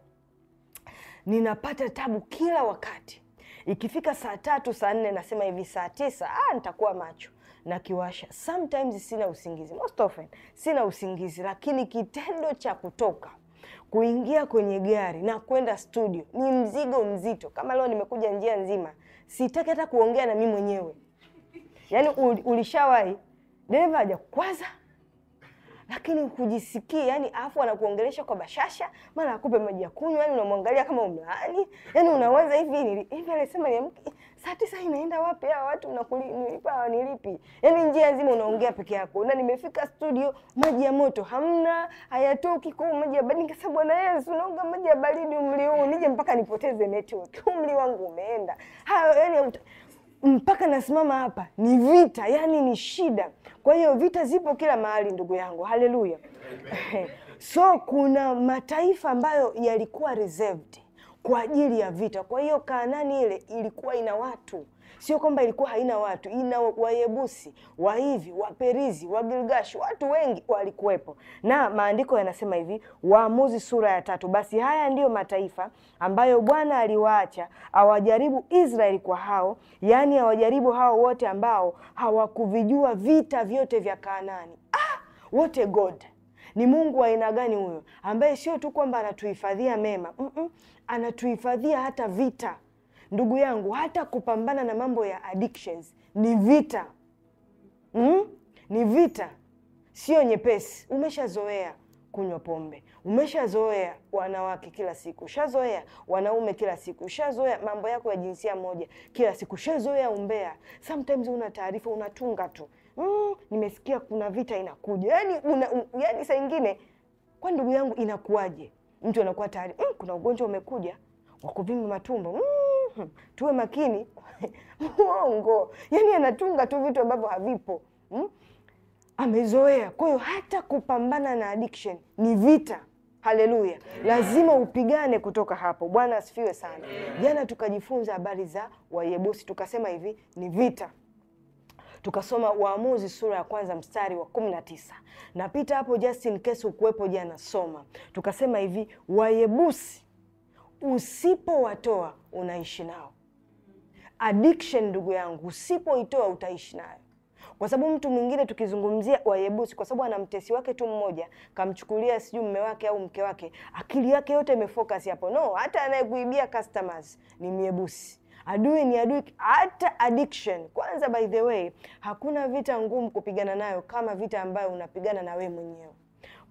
Ninapata tabu kila wakati ikifika saa tatu saa nne nasema hivi saa tisa ah, nitakuwa macho na kiwasha. Sometimes sina usingizi, most often sina usingizi, lakini kitendo cha kutoka kuingia kwenye gari na kwenda studio ni mzigo mzito. Kama leo nimekuja njia nzima, sitaki hata kuongea na mimi mwenyewe. Yaani ulishawahi dereva haja kwanza lakini hujisikii yani, afu anakuongelesha kwa bashasha, mara akupe maji ya kunywa, yani unamwangalia kama umlaani, yani unawaza hivi hivi, alisema niamke saa tisa, inaenda wapi hawa watu? Mnakulipa nilipi? Yani njia nzima unaongea peke yako, na nimefika studio, maji ya moto hamna, hayatoki kwa maji ya baridi, kasema Bwana Yesu, naoga maji ya baridi umri huu, nije mpaka nipoteze network, umri wangu umeenda hayo yani mpaka nasimama hapa ni vita, yani ni shida. Kwa hiyo vita zipo kila mahali, ndugu yangu, haleluya. So kuna mataifa ambayo yalikuwa reserved kwa ajili ya vita. Kwa hiyo Kanaani ile ilikuwa ina watu Sio kwamba ilikuwa haina watu, ina Wayebusi, Wahivi, Waperizi, Wagilgashi, watu wengi walikuwepo. Na maandiko yanasema hivi, Waamuzi sura ya tatu, basi haya ndiyo mataifa ambayo Bwana aliwaacha awajaribu Israeli kwa hao, yaani awajaribu hao wote ambao hawakuvijua vita vyote vya Kanaani. Ah, wote God ni Mungu wa aina gani huyo, ambaye sio tu kwamba anatuhifadhia mema mm -mm, anatuhifadhia hata vita. Ndugu yangu, hata kupambana na mambo ya addictions ni vita mm? Ni vita, sio nyepesi. Umeshazoea kunywa pombe, umeshazoea wanawake kila siku, ushazoea wanaume kila siku, ushazoea mambo yako ya jinsia moja kila siku, ushazoea umbea. Sometimes una taarifa unatunga tu mm, nimesikia kuna vita inakuja. Yani, una, yani saa ingine kwa ndugu yangu inakuwaje? Mtu anakuwa tayari mm, kuna ugonjwa umekuja wa kuvimba matumbo mm mm, tuwe makini mwongo, yani anatunga tu vitu ambavyo havipo mm? Amezoea. Kwa hiyo hata kupambana na addiction ni vita. Haleluya, lazima upigane kutoka hapo. Bwana asifiwe sana. Jana tukajifunza habari za Wayebusi, tukasema hivi ni vita tukasoma Waamuzi sura ya kwanza mstari wa kumi na tisa. Napita hapo justin in ukuwepo jana, soma. Tukasema hivi, Wayebusi usipowatoa unaishi nao. Addiction ndugu yangu, usipoitoa utaishi nayo, kwa sababu mtu mwingine tukizungumzia Wayebusi, kwa sababu ana mtesi wake tu mmoja, kamchukulia sijui mume wake au mke wake, akili yake yote imefocus hapo. No, hata anayekuibia customers ni Myebusi. Adui ni adui, hata addiction. Kwanza by the way, hakuna vita ngumu kupigana nayo kama vita ambayo unapigana na we mwenyewe.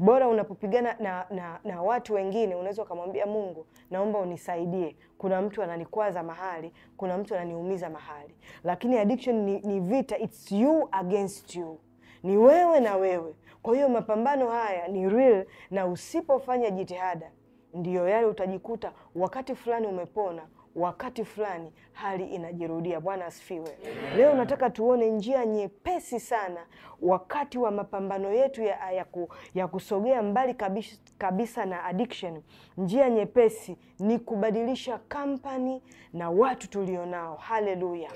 Bora unapopigana na, na, na watu wengine unaweza ukamwambia Mungu, naomba unisaidie, kuna mtu ananikwaza mahali, kuna mtu ananiumiza mahali. Lakini addiction ni, ni vita, it's you against you, ni wewe na wewe. Kwa hiyo mapambano haya ni real, na usipofanya jitihada, ndiyo yale utajikuta wakati fulani umepona wakati fulani hali inajirudia. Bwana asifiwe. Leo nataka tuone njia nyepesi sana wakati wa mapambano yetu ya, ya, ku, ya kusogea mbali kabisa, kabisa na addiction. Njia nyepesi ni kubadilisha kampani na watu tulionao. Haleluya,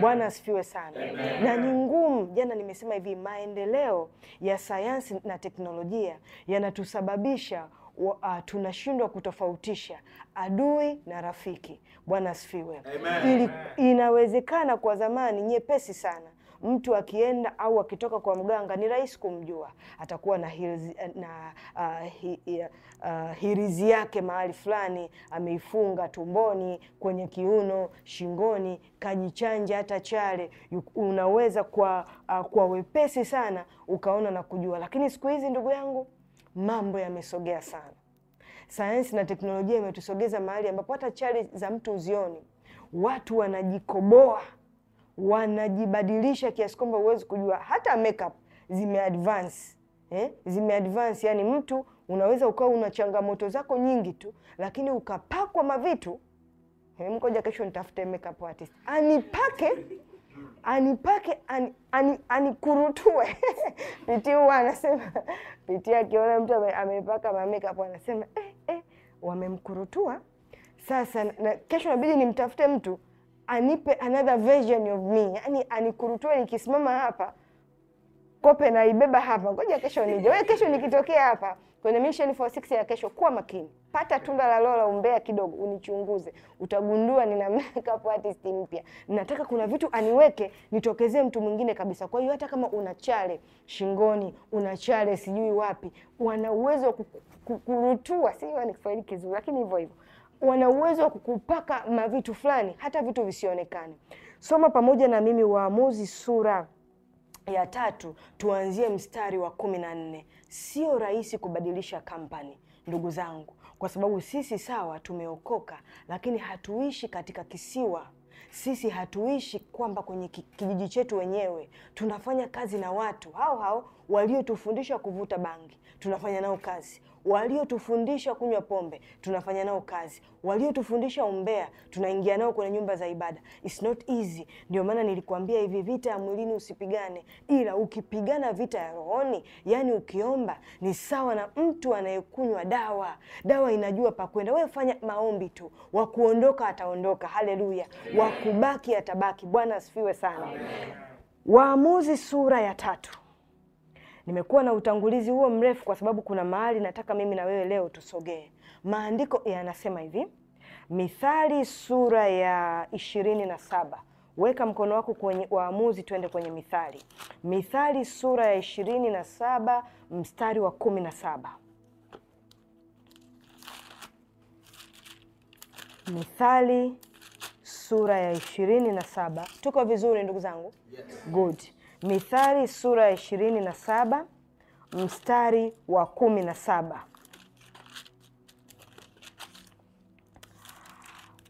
Bwana asifiwe sana. Amen. Na ni ngumu. Jana nimesema hivi, maendeleo ya sayansi na teknolojia yanatusababisha uh, tunashindwa kutofautisha adui na rafiki. Bwana asifiwe. Ili inawezekana kwa zamani nyepesi sana mtu akienda au akitoka kwa mganga ni rahisi kumjua, atakuwa na hirizi, eh, na uh, hi, uh, hirizi yake mahali fulani ameifunga tumboni, kwenye kiuno, shingoni, kajichanja hata chale. Unaweza kwa, uh, kwa wepesi sana ukaona na kujua, lakini siku hizi ndugu yangu mambo yamesogea sana. Sayansi na teknolojia imetusogeza mahali ambapo hata chali za mtu uzioni, watu wanajikoboa, wanajibadilisha kiasi kwamba huwezi kujua. Hata makeup zimeadvance eh? Zimeadvance yani, mtu unaweza ukawa una changamoto zako nyingi tu, lakini ukapakwa mavitu. Mkoja kesho nitafute makeup artist anipake anipake anikurutue Piti huwa anasema Piti akiona mtu amepaka mamekapo anasema eh, eh, wamemkurutua sasa na, kesho nabidi nimtafute mtu anipe another version of me, yani anikurutue nikisimama hapa kope naibeba hapa, ngoja kesho nije. Wewe kesho nikitokea hapa kwenye Mission 46 ya kesho, kuwa makini pata tunda la lola umbea kidogo, unichunguze, utagundua nina makeup artist mpya, nataka kuna vitu aniweke, nitokezee mtu mwingine kabisa. Kwa hiyo hata kama una chale shingoni, una chale sijui wapi, wana uwezo wa kukurutua, si ni Kiswahili kizuri, lakini hivyo hivyo wana uwezo wa kukupaka mavitu fulani, hata vitu visionekane. Soma pamoja na mimi Waamuzi sura ya tatu, tuanzie mstari wa kumi na nne. Sio rahisi kubadilisha kampani, ndugu zangu kwa sababu sisi sawa tumeokoka, lakini hatuishi katika kisiwa. Sisi hatuishi kwamba kwenye kijiji chetu wenyewe, tunafanya kazi na watu hao hao waliotufundisha kuvuta bangi, tunafanya nao kazi. Waliotufundisha kunywa pombe tunafanya nao kazi. Waliotufundisha umbea tunaingia nao kwenye nyumba za ibada. It's not easy. Ndio maana nilikuambia hivi, vita ya mwilini usipigane, ila ukipigana vita ya rohoni, yani ukiomba, ni sawa na mtu anayekunywa dawa. Dawa inajua pa kwenda. Wewe fanya maombi tu, wa kuondoka ataondoka. Haleluya! wa kubaki atabaki. Bwana asifiwe sana. Waamuzi sura ya tatu Nimekuwa na utangulizi huo mrefu kwa sababu kuna mahali nataka mimi na wewe leo tusogee. Maandiko yanasema hivi, Mithali sura ya ishirini na saba. Weka mkono wako kwenye Waamuzi, twende kwenye Mithali. Mithali sura ya ishirini na saba mstari wa kumi na saba. Mithali sura ya ishirini na saba. Tuko vizuri ndugu zangu? Yes. Good. Mithali sura ya ishirini na saba mstari wa kumi na saba.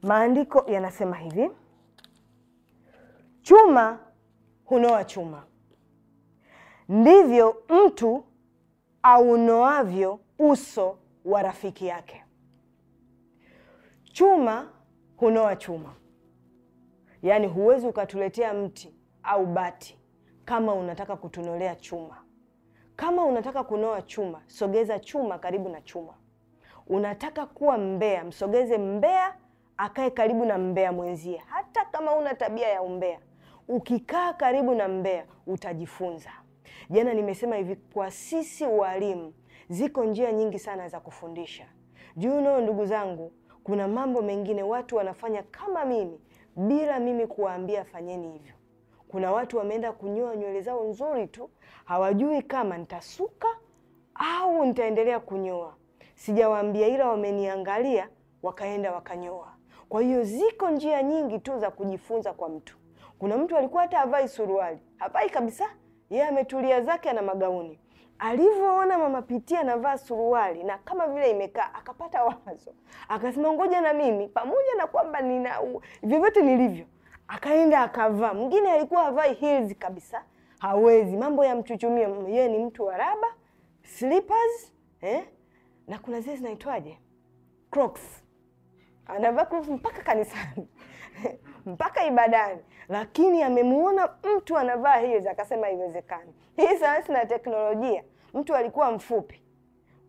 Maandiko yanasema hivi: chuma hunoa chuma, ndivyo mtu aunoavyo uso wa rafiki yake. Chuma hunoa chuma, yaani huwezi ukatuletea mti au bati kama unataka kutunolea chuma. Kama unataka kunoa chuma, sogeza chuma karibu na chuma. Unataka kuwa mbea, msogeze mbea akae karibu na mbea mwenzie, hata kama una tabia ya umbea. Ukikaa karibu na mbea utajifunza. Jana nimesema hivi, kwa sisi walimu ziko njia nyingi sana za kufundisha. Juu nao, ndugu zangu, kuna mambo mengine watu wanafanya kama mimi, bila mimi kuwaambia fanyeni hivyo. Kuna watu wameenda kunyoa nywele zao nzuri tu, hawajui kama nitasuka au nitaendelea kunyoa. Sijawaambia, ila wameniangalia wakaenda wakanyoa. Kwa hiyo ziko njia nyingi tu za kujifunza kwa mtu. Kuna mtu alikuwa hata havai suruali, havai kabisa, yeye ametulia zake, ana magauni. Alivyoona mama Pitia anavaa suruali na kama vile imekaa, akapata wazo, akasema ngoja na mimi, pamoja na kwamba nina vyovyote nilivyo akaenda akavaa. Mwingine alikuwa avai heels kabisa, hawezi mambo ya mchuchumia. Yeye ni mtu wa raba slippers, eh? na kuna zile zinaitwaje Crocs, anavaa Crocs mpaka kanisani mpaka ibadani, lakini amemuona mtu anavaa heels akasema haiwezekani. Hii sayansi na teknolojia, mtu alikuwa mfupi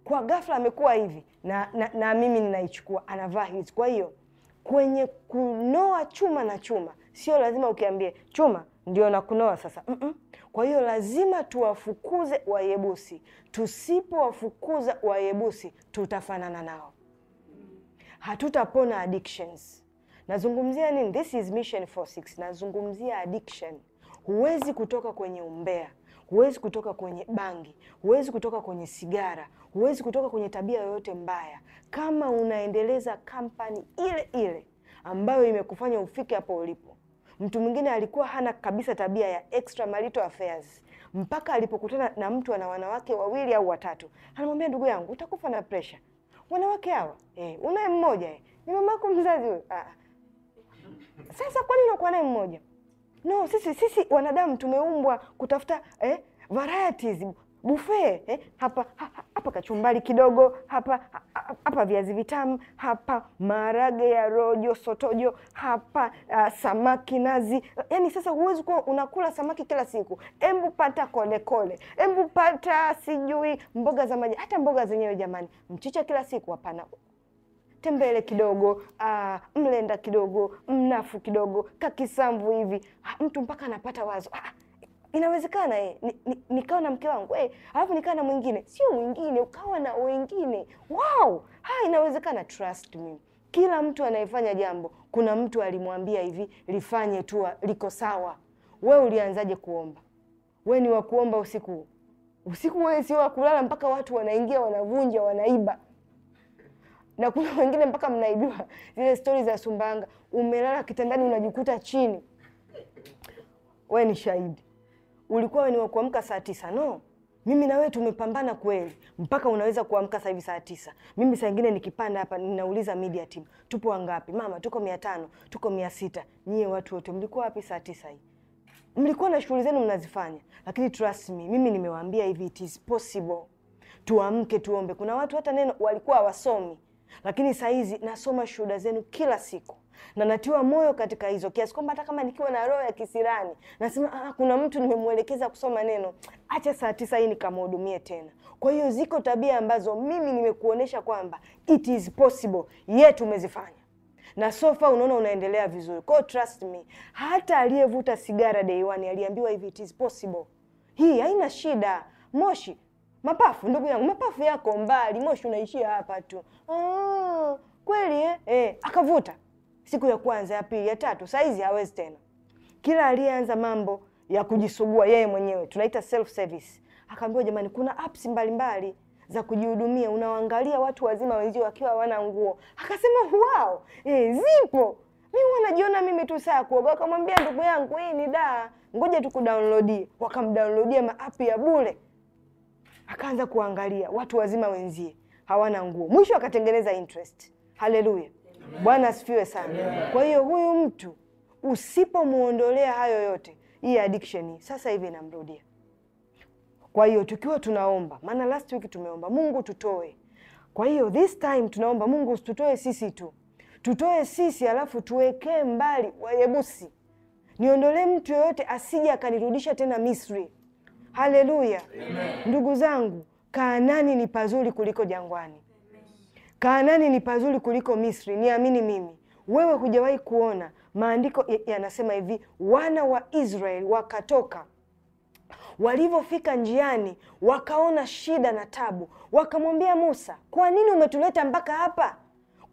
kwa ghafla amekuwa hivi na, na, na mimi ninaichukua, anavaa hizi. Kwa hiyo kwenye kunoa chuma na chuma sio lazima ukiambie chuma ndio nakunoa sasa. mm -mm. Kwa hiyo lazima tuwafukuze Wayebusi. Tusipowafukuza Wayebusi tutafanana nao, hatutapona addictions. Nazungumzia nini? This is Mission 46. Nazungumzia addiction. Huwezi kutoka kwenye umbea, huwezi kutoka kwenye bangi, huwezi kutoka kwenye sigara, huwezi kutoka kwenye tabia yoyote mbaya kama unaendeleza kampani ile ile ambayo imekufanya ufike hapo ulipo. Mtu mwingine alikuwa hana kabisa tabia ya marital affairs mpaka alipokutana na mtu ana wanawake wawili au watatu, anamwambia ndugu yangu, utakufa na pressure. Wanawake hawa eh, unaye mmoja eh, ni mama yako mzazi huyo. Ah, ah, sasa kwa nini unakuwa naye mmoja? No, sisi sisi wanadamu tumeumbwa kutafuta eh, varieties buffet eh, hapa ha, hapa kachumbari kidogo hapa ha, hapa viazi vitamu, hapa maharage ya rojo, sotojo, hapa uh, samaki nazi. yani sasa huwezi kuwa unakula samaki kila siku. Embu pata kolekole, embu pata sijui mboga za maji, hata mboga zenyewe jamani, mchicha kila siku hapana tembele kidogo, uh, mlenda kidogo, mnafu kidogo, kakisamvu hivi, mtu mpaka anapata wazo aa inawezekana eh, nikawa na mke wangu eh, alafu nikawa na mwingine, sio mwingine, ukawa na wengine. Wow, ha, inawezekana. Trust me, kila mtu anayefanya jambo kuna mtu alimwambia hivi, lifanye tu, liko sawa. We ulianzaje kuomba? We ni wa kuomba usiku usiku, wewe sio wa kulala mpaka watu wanaingia wanavunja, wanaiba na kuna wengine mpaka mnaibiwa. Zile stori za sumbanga, umelala kitandani unajikuta chini. We ni shahidi ulikuwa ni wa kuamka saa tisa no mimi na wewe tumepambana kweli mpaka unaweza kuamka sasa hivi saa tisa. Mimi saa nyingine nikipanda hapa ninauliza media team, tupo wangapi? Mama, tuko mia tano, tuko mia sita. Nyie watu wote mlikuwa wapi saa tisa hii? Mlikuwa na shughuli zenu mnazifanya, lakini trust me, mimi nimewaambia hivi, it is possible. Tuamke tuombe. Kuna watu hata neno walikuwa hawasomi, lakini saa hizi nasoma shuhuda zenu kila siku na natiwa moyo katika hizo, kiasi kwamba hata kama nikiwa na roho ya kisirani nasema ah, ah, kuna mtu nimemwelekeza kusoma neno, acha saa tisa hii nikamhudumie tena. Kwa hiyo ziko tabia ambazo mimi nimekuonyesha kwamba it is possible, yet umezifanya na sofa unaona unaendelea vizuri. Kwa trust me, hata aliyevuta sigara day one aliambiwa hivi, it is possible, hii haina shida. Moshi mapafu, ndugu yangu, mapafu yako mbali, moshi unaishia hapa tu. Oh, kweli eh? Eh, akavuta siku ya kwanza, ya pili, ya tatu, saizi hawezi tena. Kila aliyeanza mambo ya kujisugua yeye mwenyewe tunaita self service, akaambiwa jamani, kuna apps mbalimbali za kujihudumia, unawaangalia watu wazima wenzio wakiwa hawana nguo. Akasema wao eh, zipo mi wanajiona mimi tu saa kuoga. akamwambia ndugu yangu, hii ni daa, ngoja tu tukudownloadie. Wakamdownloadia maapu ya bure, akaanza kuangalia watu wazima wenzie hawana nguo. Mwisho akatengeneza interest. Haleluya! Bwana asifiwe sana Kwa hiyo huyu mtu usipomuondolea hayo yote, hii addiction sasa hivi inamrudia. Kwa hiyo tukiwa tunaomba, maana last week tumeomba Mungu tutoe. Kwa hiyo this time tunaomba Mungu usitutoe sisi tu, tutoe sisi alafu tuwekee mbali Wayebusi, niondolee mtu yoyote asije akanirudisha tena Misri. Haleluya! Ndugu zangu, Kaanani ni pazuri kuliko jangwani kanani ni pazuri kuliko Misri, niamini mimi. Wewe hujawahi kuona maandiko yanasema hivi, wana wa Israeli wakatoka walivyofika njiani wakaona shida na tabu, wakamwambia Musa, kwa nini umetuleta mpaka hapa?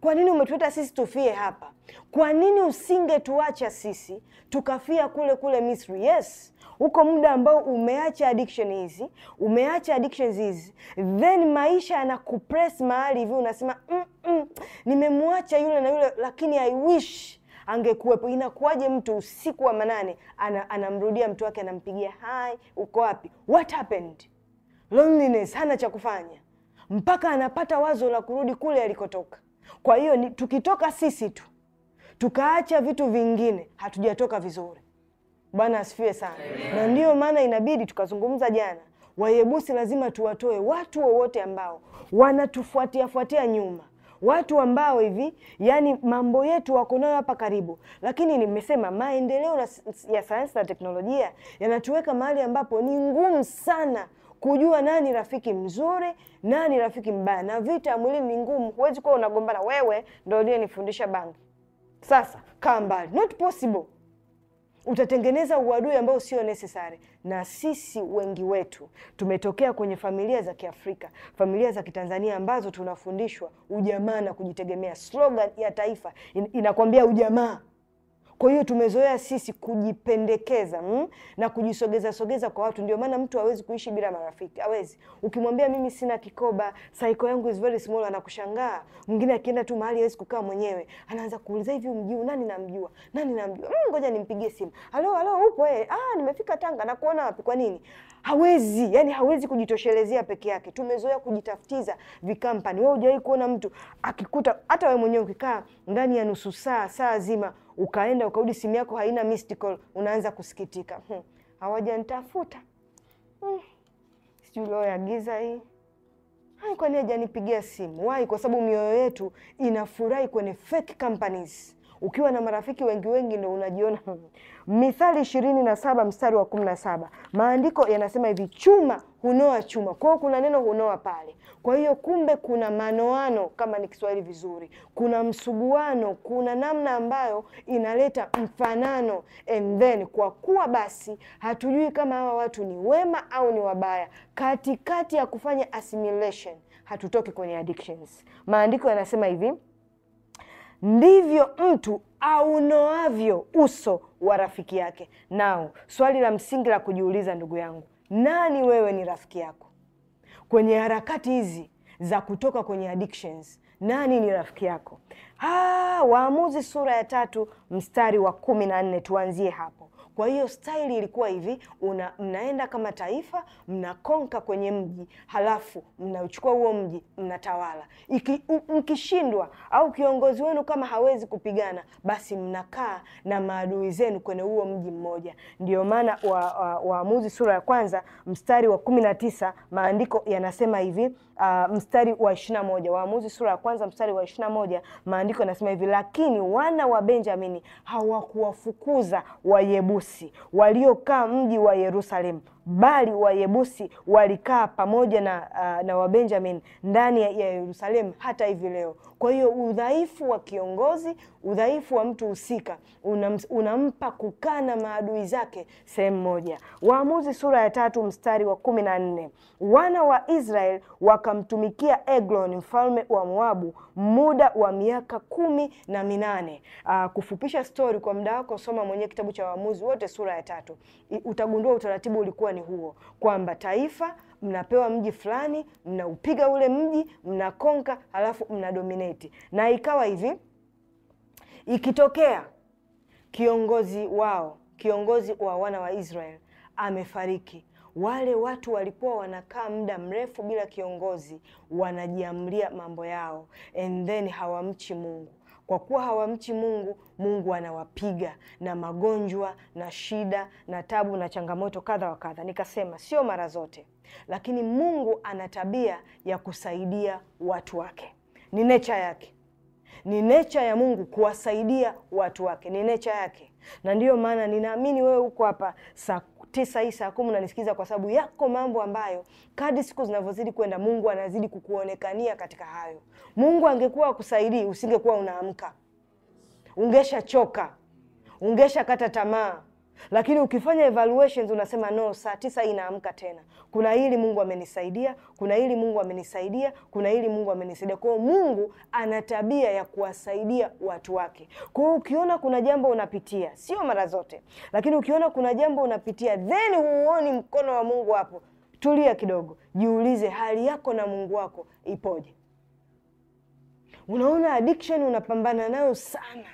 Kwa nini umetuleta sisi tufie hapa? Kwa nini usingetuacha sisi tukafia kule kule Misri? Yes, uko muda ambao umeacha addiction hizi, umeacha addictions hizi, then maisha kupress mahali hivi, unasema mm -mm, nimemwacha yule na yule, lakini I wish angekuwepo. Inakuwaje mtu usiku wa manane ana, anamrudia mtu wake, anampigia hai, uko wapi, what happened? Loneliness, hana cha kufanya mpaka anapata wazo la kurudi kule alikotoka. Kwa hiyo tukitoka sisi tu tukaacha vitu vingine, hatujatoka vizuri. Bwana asifiwe sana. Na ndiyo maana inabidi tukazungumza jana, Wayebusi lazima tuwatoe watu wowote ambao wanatufuatia fuatia nyuma, watu ambao hivi yani mambo yetu wako nayo hapa karibu. Lakini nimesema maendeleo ya sayansi na teknolojia yanatuweka mahali ambapo ni ngumu sana kujua nani rafiki mzuri, nani rafiki mbaya, na vita ya mwilini ni ngumu. Huwezi kuwa unagombana, wewe ndo uliyenifundisha bangi, sasa kaa mbali, not possible utatengeneza uadui ambao sio necessary. Na sisi wengi wetu tumetokea kwenye familia za Kiafrika, familia za Kitanzania ambazo tunafundishwa ujamaa na kujitegemea. Slogan ya taifa inakwambia ujamaa. Kwa hiyo tumezoea sisi kujipendekeza mm, na kujisogeza sogeza kwa watu. Ndio maana mtu hawezi kuishi bila marafiki, hawezi. Ukimwambia mimi sina kikoba, saiko yangu is very small, anakushangaa. Mwingine akienda tu mahali hawezi kukaa mwenyewe, anaanza kuuliza hivi, umjui nani? Namjua nani? Namjua hmm, ngoja nimpigie simu. Halo, halo, upo eh? Ah, nimefika Tanga, nakuona wapi? Kwa nini? hawezi yani, hawezi kujitoshelezea peke yake. Tumezoea kujitafutiza vikampani. Wewe hujawahi kuona mtu akikuta, hata wewe mwenyewe ukikaa ndani ya nusu saa saa zima, ukaenda ukarudi, simu yako haina mystical unaanza kusikitika, hmm, hawajantafuta hmm, sijui leo ya giza hii kwani hajanipigia simu wai, kwa sababu mioyo yetu inafurahi kwenye fake companies. Ukiwa na marafiki wengi wengi ndo unajiona Mithali ishirini na saba mstari wa kumi na saba maandiko yanasema hivi, chuma hunoa chuma. Kwa hiyo kuna neno hunoa pale. Kwa hiyo kumbe, kuna manoano kama ni Kiswahili vizuri, kuna msuguano, kuna namna ambayo inaleta mfanano. And then kwa kuwa basi hatujui kama hawa watu ni wema au ni wabaya, katikati ya kufanya assimilation hatutoki kwenye addictions. Maandiko yanasema hivi ndivyo mtu aunoavyo uso wa rafiki yake. Nao swali la msingi la kujiuliza, ndugu yangu, nani wewe ni rafiki yako kwenye harakati hizi za kutoka kwenye addictions? Nani ni rafiki yako? Ha, ah, Waamuzi sura ya tatu mstari wa kumi na nne tuanzie hapo. Kwa hiyo staili ilikuwa hivi, una, mnaenda kama taifa mnakonka kwenye mji, halafu mnauchukua huo mji mnatawala. Mkishindwa au kiongozi wenu kama hawezi kupigana, basi mnakaa na maadui zenu kwenye huo mji mmoja. Ndio maana Waamuzi wa, wa sura ya kwanza mstari wa kumi na tisa maandiko yanasema hivi uh, mstari wa ishirini na moja Waamuzi sura ya kwanza mstari wa ishirini na moja maandiko yanasema hivi: lakini wana wa Benjamini hawakuwafukuza Wayebusi waliokaa mji wa Yerusalemu, bali Wayebusi walikaa pamoja na, uh, na Wabenjamin ndani ya Yerusalemu hata hivi leo. Kwa hiyo udhaifu wa kiongozi, udhaifu wa mtu husika unampa unampa kukaa na maadui zake sehemu moja. Waamuzi sura ya tatu mstari wa kumi na nne wana wa Israel wakamtumikia Eglon mfalme wa Moabu muda wa miaka kumi na minane. Uh, kufupisha stori kwa muda wako, soma mwenyewe kitabu cha Waamuzi wote sura ya tatu, utagundua utaratibu ulikuwa ni huo kwamba taifa mnapewa mji fulani, mnaupiga ule mji, mnakonka, halafu mnadominate. Na ikawa hivi, ikitokea kiongozi wao, kiongozi wa wana wa Israeli amefariki, wale watu walikuwa wanakaa muda mrefu bila kiongozi, wanajiamlia mambo yao and then hawamchi Mungu. Kwa kuwa hawamchi Mungu, Mungu anawapiga na magonjwa na shida na tabu na changamoto kadha wa kadha. Nikasema sio mara zote, lakini Mungu ana tabia ya kusaidia watu wake, ni necha yake ni necha ya Mungu kuwasaidia watu wake, ni necha yake. Na ndiyo maana ninaamini wewe uko hapa saa tisa hii saa kumi unanisikiza, kwa sababu yako mambo ambayo kadi siku zinavyozidi kwenda, Mungu anazidi kukuonekania katika hayo. Mungu angekuwa akusaidii, usingekuwa unaamka, ungesha choka, ungesha kata tamaa, lakini ukifanya evaluations unasema no, saa tisa inaamka tena, kuna hili Mungu amenisaidia, kuna hili Mungu amenisaidia, kuna hili Mungu amenisaidia. Kwa hiyo Mungu ana tabia ya kuwasaidia watu wake. Kwa hiyo ukiona kuna jambo unapitia, sio mara zote, lakini ukiona kuna jambo unapitia then huoni mkono wa Mungu hapo, tulia kidogo, jiulize hali yako na Mungu wako ipoje. Unaona addiction unapambana nayo sana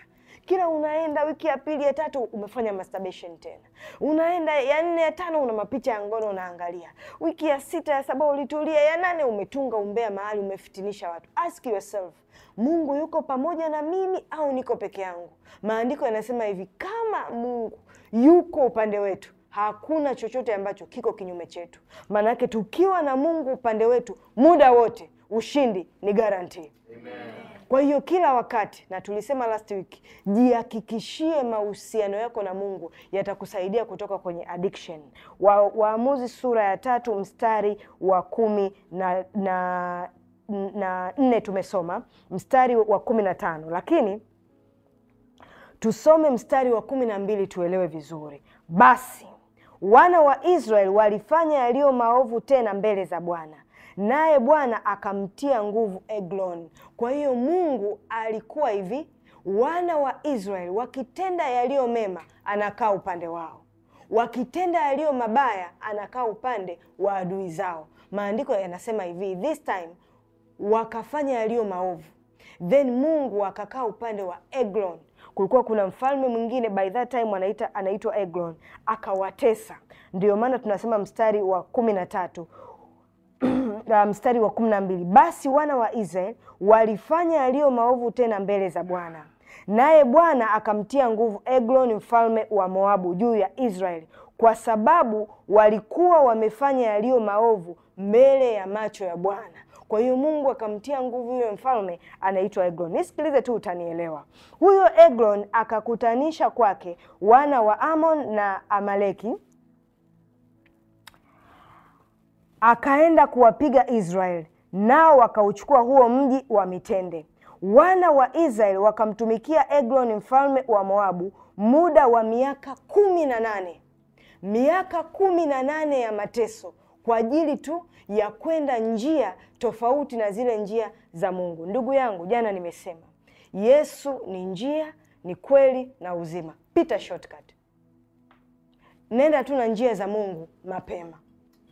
kila unaenda wiki ya pili ya tatu umefanya masturbation tena, unaenda ya nne ya tano una mapicha ya ngono unaangalia, wiki ya sita ya saba ulitulia, ya nane umetunga umbea mahali, umefitinisha watu. Ask yourself, Mungu yuko pamoja na mimi au niko peke yangu? Maandiko yanasema hivi, kama Mungu yuko upande wetu hakuna chochote ambacho kiko kinyume chetu. Maanake tukiwa na Mungu upande wetu muda wote, ushindi ni guarantee. Amen. Kwa hiyo kila wakati, na tulisema last week, jihakikishie mahusiano yako na Mungu yatakusaidia kutoka kwenye addiction. Wa, Waamuzi sura ya tatu mstari wa kumi na, na na nne tumesoma mstari wa kumi na tano lakini tusome mstari wa kumi na mbili tuelewe vizuri. Basi wana wa Israeli walifanya yaliyo maovu tena mbele za Bwana, naye Bwana akamtia nguvu Eglon. Kwa hiyo Mungu alikuwa hivi, wana wa Israeli wakitenda yaliyo mema anakaa upande wao, wakitenda yaliyo mabaya anakaa upande wa adui zao. Maandiko yanasema hivi, this time wakafanya yaliyo maovu, then Mungu akakaa upande wa Eglon. Kulikuwa kuna mfalme mwingine by that time anaita anaitwa Eglon, akawatesa. Ndiyo maana tunasema mstari wa kumi na tatu mstari wa kumi na mbili basi wana wa Israeli walifanya yaliyo maovu tena mbele za Bwana, naye Bwana akamtia nguvu Eglon mfalme wa Moabu juu ya Israeli kwa sababu walikuwa wamefanya yaliyo maovu mbele ya macho ya Bwana. Kwa hiyo Mungu akamtia nguvu huyo mfalme anaitwa Eglon. Nisikilize tu utanielewa. Huyo Eglon akakutanisha kwake wana wa Amon na Amaleki akaenda kuwapiga Israeli, nao wakauchukua huo mji wa mitende. Wana wa Israeli wakamtumikia eglon mfalme wa Moabu muda wa miaka kumi na nane miaka kumi na nane ya mateso kwa ajili tu ya kwenda njia tofauti na zile njia za Mungu. Ndugu yangu, jana nimesema Yesu ni njia, ni kweli na uzima. Pita shortcut, nenda tu na njia za Mungu mapema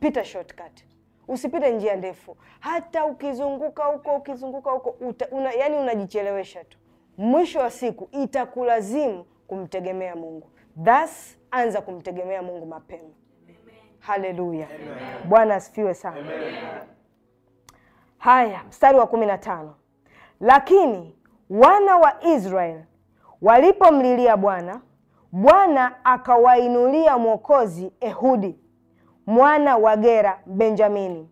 pita shortcut, usipite njia ndefu. Hata ukizunguka huko ukizunguka huko una, yani unajichelewesha tu, mwisho wa siku itakulazimu kumtegemea Mungu. Thus, anza kumtegemea Mungu mapema. Haleluya, Bwana asifiwe sana. Amen. Haya, mstari wa kumi na tano lakini wana wa Israeli walipomlilia Bwana, Bwana akawainulia mwokozi Ehudi mwana wa Gera Benjamini,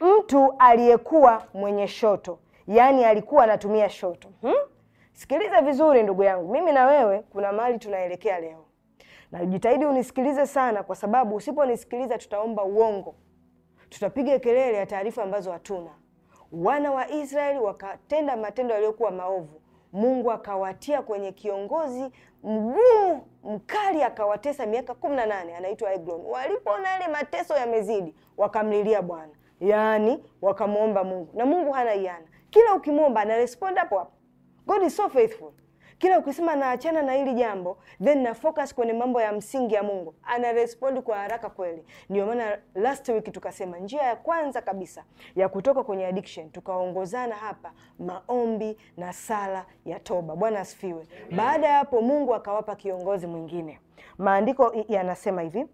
mtu aliyekuwa mwenye shoto, yaani alikuwa anatumia shoto hmm? Sikiliza vizuri ndugu yangu, mimi na wewe kuna mahali tunaelekea leo, na jitahidi unisikilize sana, kwa sababu usiponisikiliza tutaomba uongo, tutapiga kelele ya taarifa ambazo hatuna. Wana wa Israeli wakatenda matendo yaliyokuwa maovu Mungu akawatia kwenye kiongozi mgumu mkali, akawatesa miaka kumi na nane, anaitwa Eglon. Walipoona yale mateso yamezidi, wakamlilia Bwana, yaani wakamwomba Mungu, na Mungu hana iana, kila ukimwomba ana respond hapo hapo. God is so faithful. Kila ukisema naachana na hili jambo then na focus kwenye mambo ya msingi ya Mungu, ana respond kwa haraka kweli. Ndio maana last week tukasema njia ya kwanza kabisa ya kutoka kwenye addiction, tukaongozana hapa maombi na sala ya toba. Bwana asifiwe. Baada ya hapo, Mungu akawapa kiongozi mwingine. Maandiko yanasema hivi uh,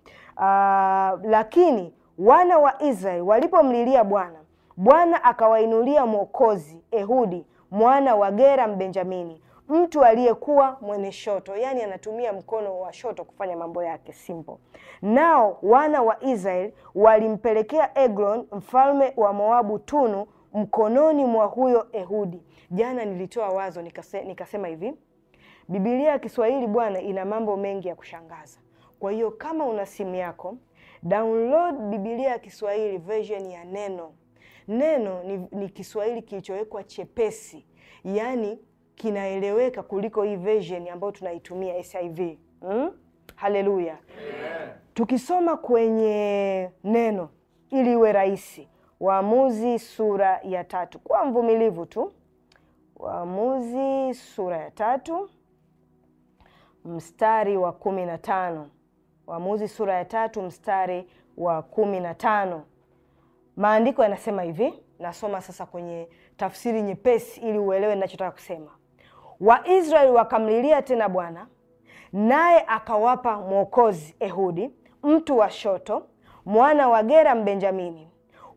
lakini wana wa Israeli walipomlilia Bwana, Bwana akawainulia mwokozi Ehudi mwana wa Gera Mbenjamini mtu aliyekuwa mwene shoto, yani anatumia mkono wa shoto kufanya mambo yake simple. Nao wana wa Israeli walimpelekea Eglon mfalme wa Moabu tunu mkononi mwa huyo Ehudi. Jana nilitoa wazo nikase, nikasema hivi Biblia ya Kiswahili bwana ina mambo mengi ya kushangaza. Kwa hiyo kama una simu yako download Biblia ya Kiswahili version ya Neno. Neno ni, ni Kiswahili kilichowekwa chepesi, yaani kinaeleweka kuliko hii version ambayo tunaitumia SIV. Hmm? Haleluya, yeah. Tukisoma kwenye neno ili iwe rahisi, Waamuzi sura ya tatu, kwa mvumilivu tu. Waamuzi sura ya tatu mstari wa kumi na tano. Waamuzi sura ya tatu mstari wa kumi na tano, maandiko yanasema hivi. Nasoma sasa kwenye tafsiri nyepesi ili uelewe ninachotaka kusema. Waisraeli wakamlilia tena Bwana, naye akawapa mwokozi Ehudi mtu wa shoto, mwana wa Gera Mbenjamini.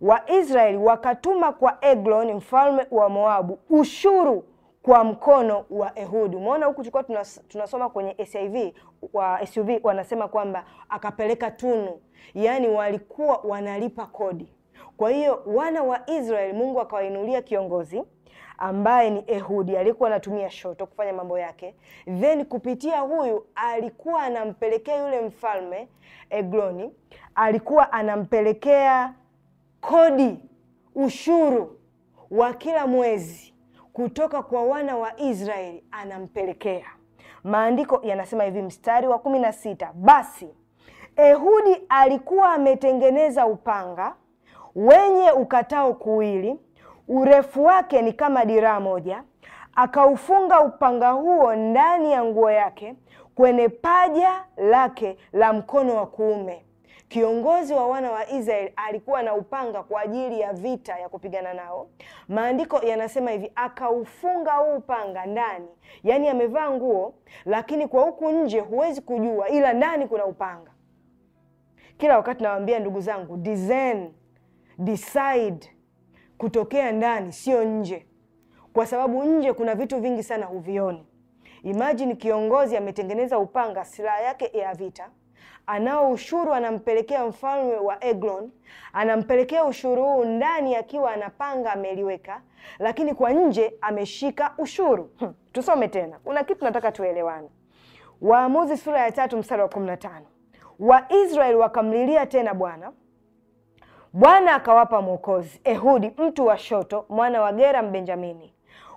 Waisraeli wakatuma kwa Egloni mfalme wa Moabu ushuru kwa mkono wa Ehudi. Umeona huku chukua tunas, tunasoma kwenye SIV, wa SUV wanasema kwamba akapeleka tunu, yaani walikuwa wanalipa kodi. Kwa hiyo wana wa Israeli Mungu akawainulia kiongozi ambaye ni Ehudi alikuwa anatumia shoto kufanya mambo yake, then kupitia huyu alikuwa anampelekea yule mfalme Egloni, alikuwa anampelekea kodi, ushuru wa kila mwezi kutoka kwa wana wa Israeli anampelekea. Maandiko yanasema hivi, mstari wa kumi na sita basi Ehudi alikuwa ametengeneza upanga wenye ukatao kuwili urefu wake ni kama diraa moja. Akaufunga upanga huo ndani ya nguo yake kwenye paja lake la mkono wa kuume. Kiongozi wa wana wa Israeli alikuwa na upanga kwa ajili ya vita ya kupigana nao. Maandiko yanasema hivi, akaufunga huu upanga ndani, yaani amevaa nguo, lakini kwa huku nje huwezi kujua, ila ndani kuna upanga. Kila wakati nawaambia ndugu zangu, design decide kutokea ndani, sio nje, kwa sababu nje kuna vitu vingi sana huvioni. Imagine kiongozi ametengeneza upanga, silaha yake ya vita, anao ushuru, anampelekea mfalme wa Eglon, anampelekea ushuru huu ndani, akiwa anapanga ameliweka, lakini kwa nje ameshika ushuru. Hm, tusome tena, kuna kitu nataka tuelewane. Waamuzi sura ya tatu mstari wa 15, Waisraeli wakamlilia tena Bwana Bwana akawapa mwokozi Ehudi mtu wa shoto, mwana wa Gera Mbenjamini.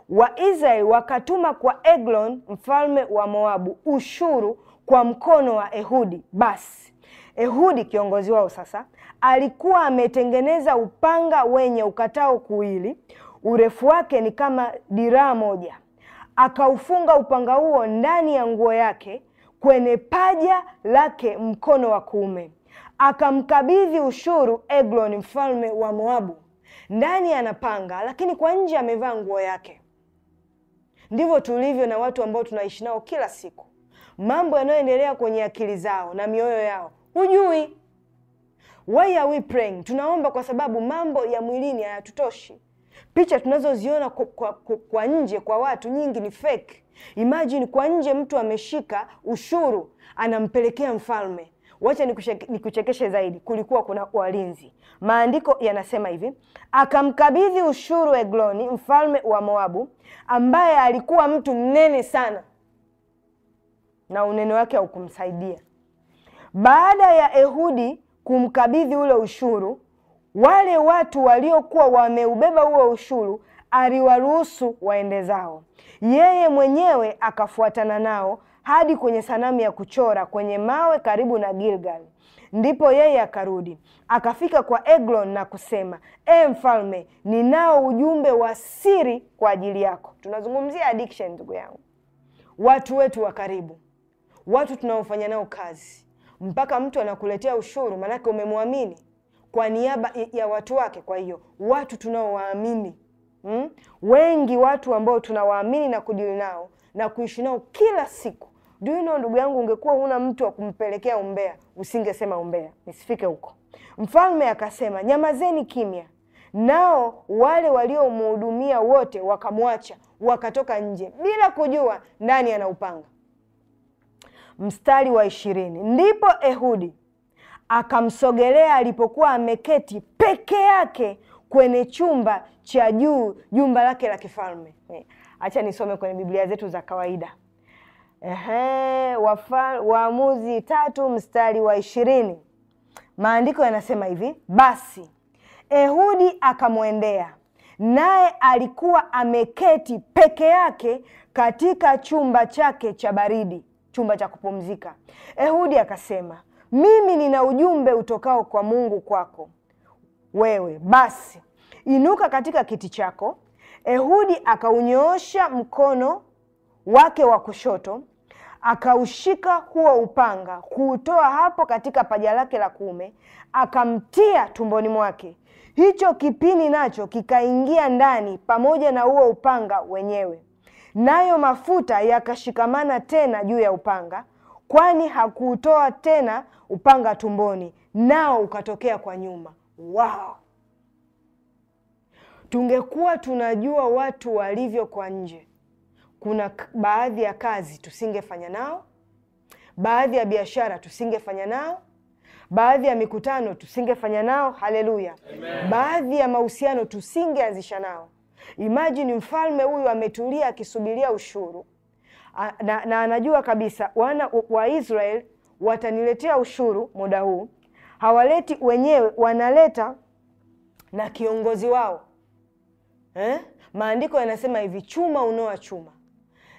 Waisraeli wakatuma kwa Eglon mfalme wa Moabu ushuru kwa mkono wa Ehudi. Basi Ehudi kiongozi wao sasa alikuwa ametengeneza upanga wenye ukatao kuwili, urefu wake ni kama diraa moja. Akaufunga upanga huo ndani ya nguo yake kwenye paja lake mkono wa kuume akamkabidhi ushuru Eglon mfalme wa Moabu. Ndani anapanga lakini kwa nje amevaa nguo yake. Ndivyo tulivyo na watu ambao tunaishi nao kila siku. Mambo yanayoendelea kwenye akili zao na mioyo yao hujui. Why are we praying? Tunaomba kwa sababu mambo ya mwilini hayatutoshi. Picha tunazoziona kwa, kwa, kwa, kwa nje kwa watu nyingi ni fake. Imagine kwa nje mtu ameshika ushuru anampelekea mfalme Wacha nikuchekeshe zaidi, kulikuwa kuna walinzi. Maandiko yanasema hivi, akamkabidhi ushuru Egloni mfalme wa Moabu, ambaye alikuwa mtu mnene sana na unene wake haukumsaidia. Baada ya Ehudi kumkabidhi ule ushuru, wale watu waliokuwa wameubeba huo ushuru aliwaruhusu waende zao, yeye mwenyewe akafuatana nao hadi kwenye sanamu ya kuchora kwenye mawe karibu na Gilgal. Ndipo yeye akarudi akafika kwa Eglon na kusema, e mfalme, ninao ujumbe wa siri kwa ajili yako. Tunazungumzia addiction, ndugu yangu, watu wetu wa karibu, watu tunaofanya nao kazi, mpaka mtu anakuletea ushuru, maanake umemwamini kwa niaba ya watu wake. Kwa hiyo watu tunaowaamini hmm? Wengi watu ambao tunawaamini na kudili nao na kuishi nao kila siku Do you know, ndugu yangu, ungekuwa huna mtu wa kumpelekea umbea, usingesema umbea, nisifike huko. Mfalme akasema, nyamazeni kimya. Nao wale waliomhudumia wote wakamwacha, wakatoka nje bila kujua ndani ana upanga. Mstari wa ishirini, ndipo Ehudi akamsogelea alipokuwa ameketi peke yake kwenye chumba cha juu, jumba lake la kifalme. Acha nisome kwenye Biblia zetu za kawaida. Ehe, wafa, Waamuzi tatu mstari wa ishirini maandiko yanasema hivi: basi Ehudi akamwendea, naye alikuwa ameketi peke yake katika chumba chake cha baridi, chumba cha kupumzika. Ehudi akasema, mimi nina ujumbe utokao kwa Mungu kwako wewe, basi inuka katika kiti chako. Ehudi akaunyoosha mkono wake wa kushoto akaushika huo upanga kuutoa hapo katika paja lake la kuume, akamtia tumboni mwake. Hicho kipini nacho kikaingia ndani pamoja na huo upanga wenyewe, nayo mafuta yakashikamana tena juu ya upanga, kwani hakuutoa tena upanga tumboni, nao ukatokea kwa nyuma. Wow! Tungekuwa tunajua watu walivyo kwa nje kuna baadhi ya kazi tusingefanya nao, baadhi ya biashara tusingefanya nao, baadhi ya mikutano tusingefanya nao. Haleluya! baadhi ya mahusiano tusingeanzisha nao. Imajini mfalme huyu ametulia akisubiria ushuru na, na anajua kabisa wana wa wataniletea ushuru muda huu. Hawaleti wenyewe, wanaleta na kiongozi wao eh? Maandiko yanasema hivi, chuma unoa chuma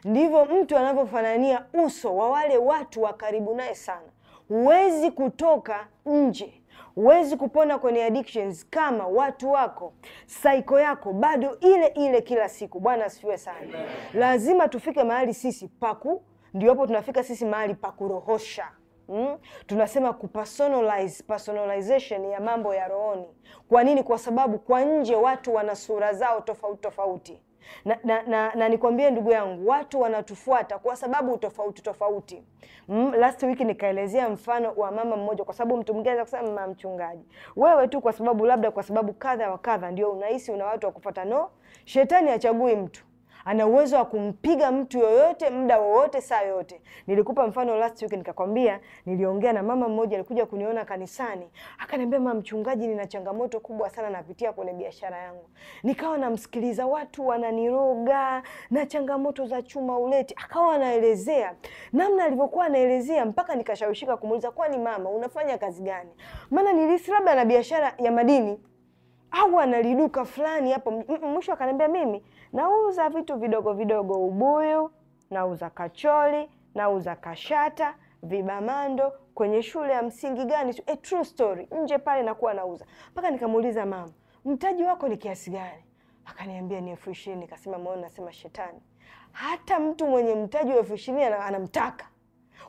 ndivyo mtu anavyofanania uso wa wale watu wa karibu naye sana. Huwezi kutoka nje, huwezi kupona kwenye addictions kama watu wako, saiko yako bado ile ile kila siku. Bwana asifiwe sana. Lazima tufike mahali sisi paku, ndio hapo tunafika sisi mahali pa kurohosha. Mm? Tunasema kupersonalize, personalization ya mambo ya rohoni. Kwa nini? Kwa sababu kwa nje watu wana sura zao tofauti tofauti na, na, na, na nikwambie ndugu yangu, watu wanatufuata kwa sababu tofauti tofauti. Mm, last week nikaelezea mfano wa mama mmoja, kwa sababu mtu mwingine anaweza kusema mama mchungaji, wewe tu kwa sababu labda kwa sababu kadha wa kadha, ndio unahisi una watu wa kufuata. No, shetani achagui mtu ana uwezo wa kumpiga mtu yoyote muda wowote saa yoyote. Nilikupa mfano last week, nikakwambia niliongea na mama mmoja alikuja kuniona kanisani, akaniambia mama mchungaji, nina changamoto kubwa sana napitia kwenye biashara yangu. Nikawa namsikiliza, watu wananiroga na changamoto za chuma uleti. Akawa anaelezea namna alivyokuwa anaelezea, mpaka nikashawishika kumuuliza, kwani mama unafanya kazi gani? Maana nilihisi labda na biashara ya madini au analiduka fulani hapo. Mwisho akaniambia mimi Nauza vitu vidogo vidogo, ubuyu, nauza kacholi, nauza kashata, vibamando kwenye shule ya msingi gani? A true story. Nje pale nakuwa nauza mpaka nikamuuliza mama, mtaji wako ni kiasi gani? Akaniambia ni elfu ishirini. Nikasema maona, nasema shetani, hata mtu mwenye mtaji wa elfu ishirini anamtaka.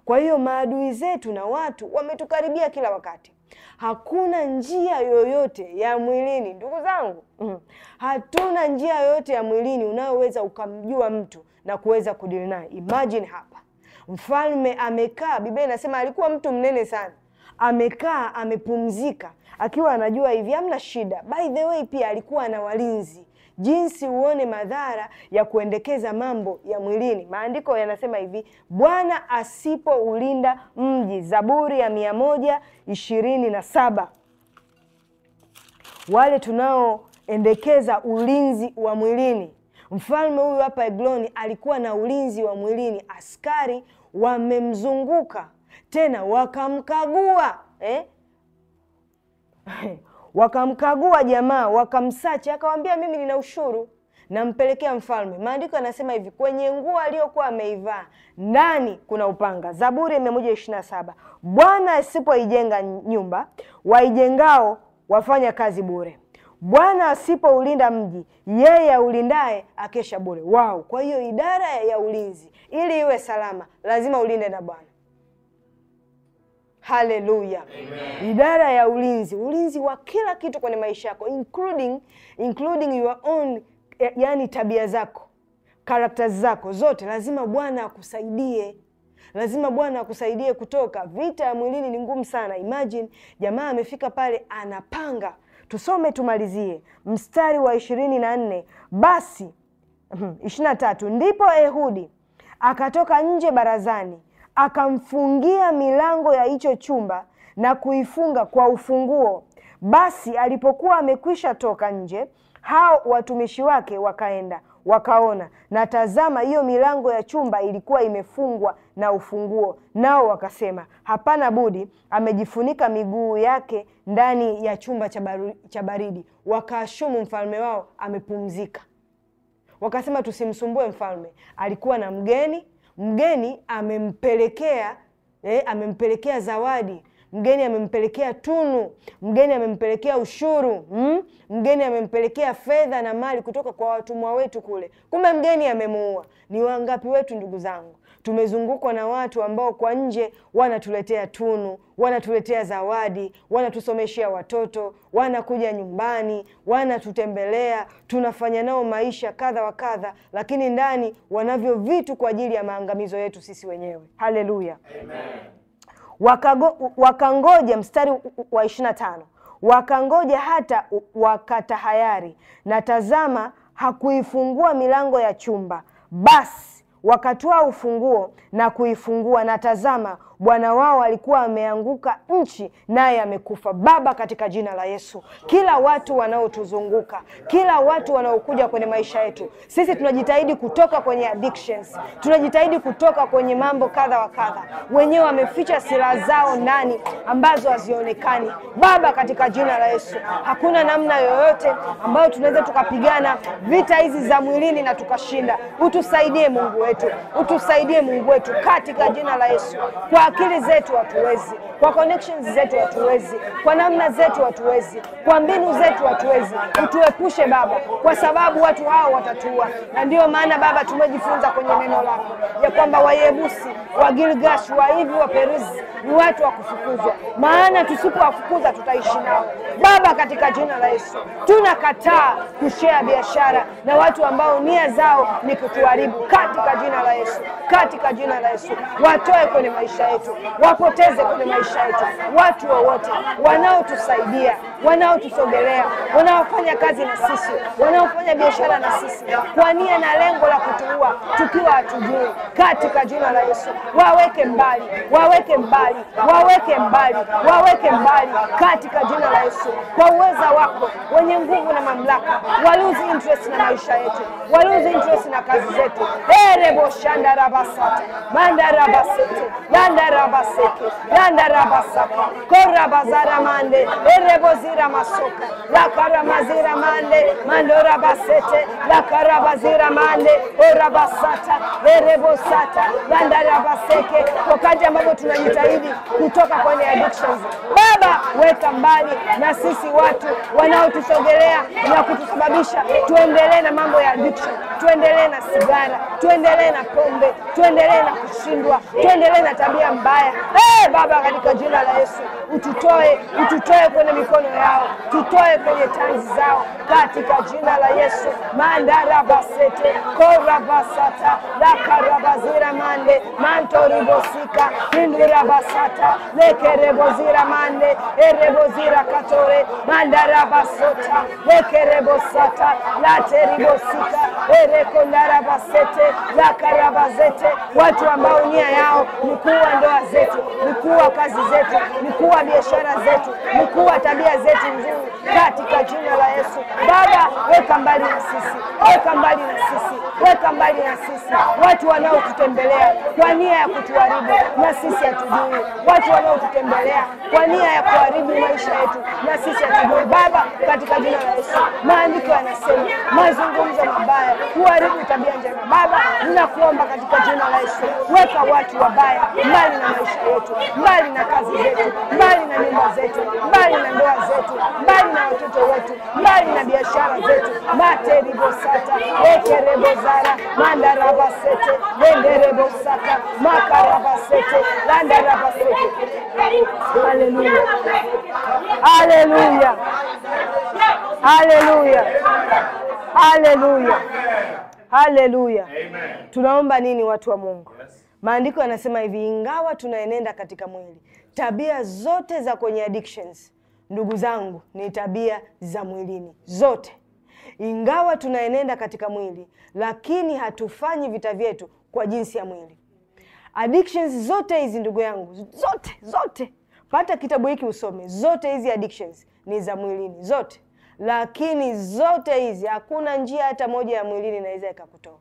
Kwa hiyo maadui zetu na watu wametukaribia kila wakati. Hakuna njia yoyote ya mwilini, ndugu zangu, mm-hmm, hatuna njia yoyote ya mwilini unayoweza ukamjua mtu na kuweza kudili naye. Imagine hapa mfalme amekaa, Biblia inasema alikuwa mtu mnene sana, amekaa amepumzika, akiwa anajua hivi, hamna shida. By the way, pia alikuwa na walinzi jinsi uone madhara ya kuendekeza mambo ya mwilini. Maandiko yanasema hivi, Bwana asipoulinda mji, Zaburi ya mia moja ishirini na saba. Wale tunaoendekeza ulinzi wa mwilini, mfalme huyu hapa Egloni alikuwa na ulinzi wa mwilini, askari wamemzunguka, tena wakamkagua eh? Wakamkagua jamaa, wakamsacha, akawambia mimi nina ushuru nampelekea mfalme. Maandiko yanasema hivi, kwenye nguo aliyokuwa ameivaa ndani kuna upanga. Zaburi mia moja na saba. Bwana asipoijenga nyumba, waijengao wafanya kazi bure. Bwana asipoulinda mji, yeye aulindaye akesha bure. Wao, kwa hiyo idara ya ulinzi ili iwe salama, lazima ulinde na Bwana. Haleluya! Idara ya ulinzi, ulinzi wa kila kitu kwenye maisha yako, including, including your own, yani tabia zako, karakta zako zote, lazima Bwana akusaidie lazima Bwana akusaidie kutoka. Vita ya mwilini ni ngumu sana. Imagine jamaa amefika pale anapanga. Tusome tumalizie mstari wa ishirini na nne basi ishirini na tatu ndipo Ehudi akatoka nje barazani akamfungia milango ya hicho chumba na kuifunga kwa ufunguo. Basi alipokuwa amekwisha toka nje, hao watumishi wake wakaenda wakaona, na tazama, hiyo milango ya chumba ilikuwa imefungwa na ufunguo. Nao wakasema, hapana budi, amejifunika miguu yake ndani ya chumba cha baridi. Wakaashumu mfalme wao amepumzika. Wakasema, tusimsumbue mfalme, alikuwa na mgeni mgeni amempelekea eh, amempelekea zawadi mgeni amempelekea tunu, mgeni amempelekea ushuru mm? Mgeni amempelekea fedha na mali kutoka kwa watumwa wetu kule, kumbe mgeni amemuua. Ni wangapi wetu ndugu zangu Tumezungukwa na watu ambao kwa nje wanatuletea tunu, wanatuletea zawadi, wanatusomeshea watoto, wanakuja nyumbani, wanatutembelea, tunafanya nao maisha kadha wa kadha, lakini ndani wanavyo vitu kwa ajili ya maangamizo yetu sisi wenyewe. Haleluya, amen. Wakangoja, mstari wa ishirini na tano wakangoja hata wakatahayari, na tazama, hakuifungua milango ya chumba basi wakatoa ufunguo na kuifungua, na tazama bwana wao alikuwa ameanguka nchi naye amekufa. Baba, katika jina la Yesu, kila watu wanaotuzunguka, kila watu wanaokuja kwenye maisha yetu, sisi tunajitahidi kutoka kwenye addictions, tunajitahidi kutoka kwenye mambo kadha wa kadha, wenyewe wameficha silaha zao ndani ambazo hazionekani. Baba, katika jina la Yesu, hakuna namna yoyote ambayo tunaweza tukapigana vita hizi za mwilini na tukashinda. Utusaidie Mungu wetu, utusaidie Mungu wetu katika jina la Yesu kwa akili zetu hatuwezi, kwa connections zetu hatuwezi, kwa namna zetu hatuwezi, kwa mbinu zetu hatuwezi. Utuepushe Baba, kwa sababu watu hao watatua. Na ndiyo maana Baba tumejifunza kwenye neno lako ya kwamba Wayebusi, Wagilgash, Wahivi, Waperizi ni watu wa kufukuzwa, maana tusipowafukuza tutaishi nao. Baba, katika jina la Yesu tunakataa kushea biashara na watu ambao nia zao ni kutuharibu, katika jina la Yesu, katika jina la Yesu watoe kwenye maisha yetu wetu, wapoteze kwenye maisha yetu watu wowote wa wanaotusaidia, wanaotusogelea, wanaofanya kazi na sisi, wanaofanya biashara na sisi kwa nia na lengo la kutuua tukiwa hatujui, katika jina la Yesu waweke mbali, waweke mbali, waweke mbali, waweke mbali katika jina la Yesu, kwa uweza wako wenye nguvu na mamlaka, waluzi interest na maisha yetu, waluzi interest na kazi zetu. erebo shandarabasata manda Yandarabaseke, Yandarabasaka, Korabazaramande, Erebozira Masoka, La Karamazira Mande, Mandora Basete, La Karabazira Mande, Orabasata, Erebosata, Yandarabaseke, wakati ambapo tunajitahidi kutoka kwenye addictions. Baba, weka mbali na sisi watu wanaotusogelea na kutusababisha tuendelee na mambo ya addiction, tuendelee na sigara, tuendelee na pombe, tuendelee na kushindwa, tuendelee na tabia mbaya. Hey, Baba, katika jina la Yesu ututoe, ututoe kwenye mikono yao, tutoe kwenye tanzi zao, katika jina la Yesu mandarabasete korabasata dakarabazira mande mantoribosika indurabasata lekerebozira mande erebozira katore mandarabasota lekerebosata lateribosika erekondarabasete za karaba watu ambao nia yao ni kuwa ndoa zetu, ni kuwa kazi zetu, ni kuwa biashara zetu, ni kuwa tabia zetu nzuri, katika jina la Yesu. Baba, weka mbali na sisi, weka mbali na sisi, weka mbali na sisi watu wanaotutembelea kwa nia ya kutuharibu na sisi hatujui, watu wanaotutembelea kwa nia ya kuharibu maisha yetu na sisi hatujui. Baba, katika jina la Yesu, maandiko yanasema mazungumzo mabaya huharibu tabia njema. Baba Ninakuomba katika jina la Yesu, weka watu wabaya mbali na maisha yetu, mbali na kazi zetu, mbali na nyumba zetu, mbali na ndoa zetu, mbali na watoto wetu, mbali na biashara zetu. materibosata ekerebozara mandarabasete wenderebosaka makarabasete landarabasete. Haleluya, haleluya, haleluya, haleluya. Haleluya, Tunaomba nini watu wa Mungu? Yes. Maandiko yanasema hivi, ingawa tunaenenda katika mwili, tabia zote za kwenye addictions, ndugu zangu, ni tabia za mwilini zote. Ingawa tunaenenda katika mwili, lakini hatufanyi vita vyetu kwa jinsi ya mwili. Addictions zote hizi ndugu yangu, zote zote, pata kitabu hiki usome, zote hizi addictions ni za mwilini zote. Lakini zote hizi hakuna njia hata moja ya mwilini inaweza ikakutoa,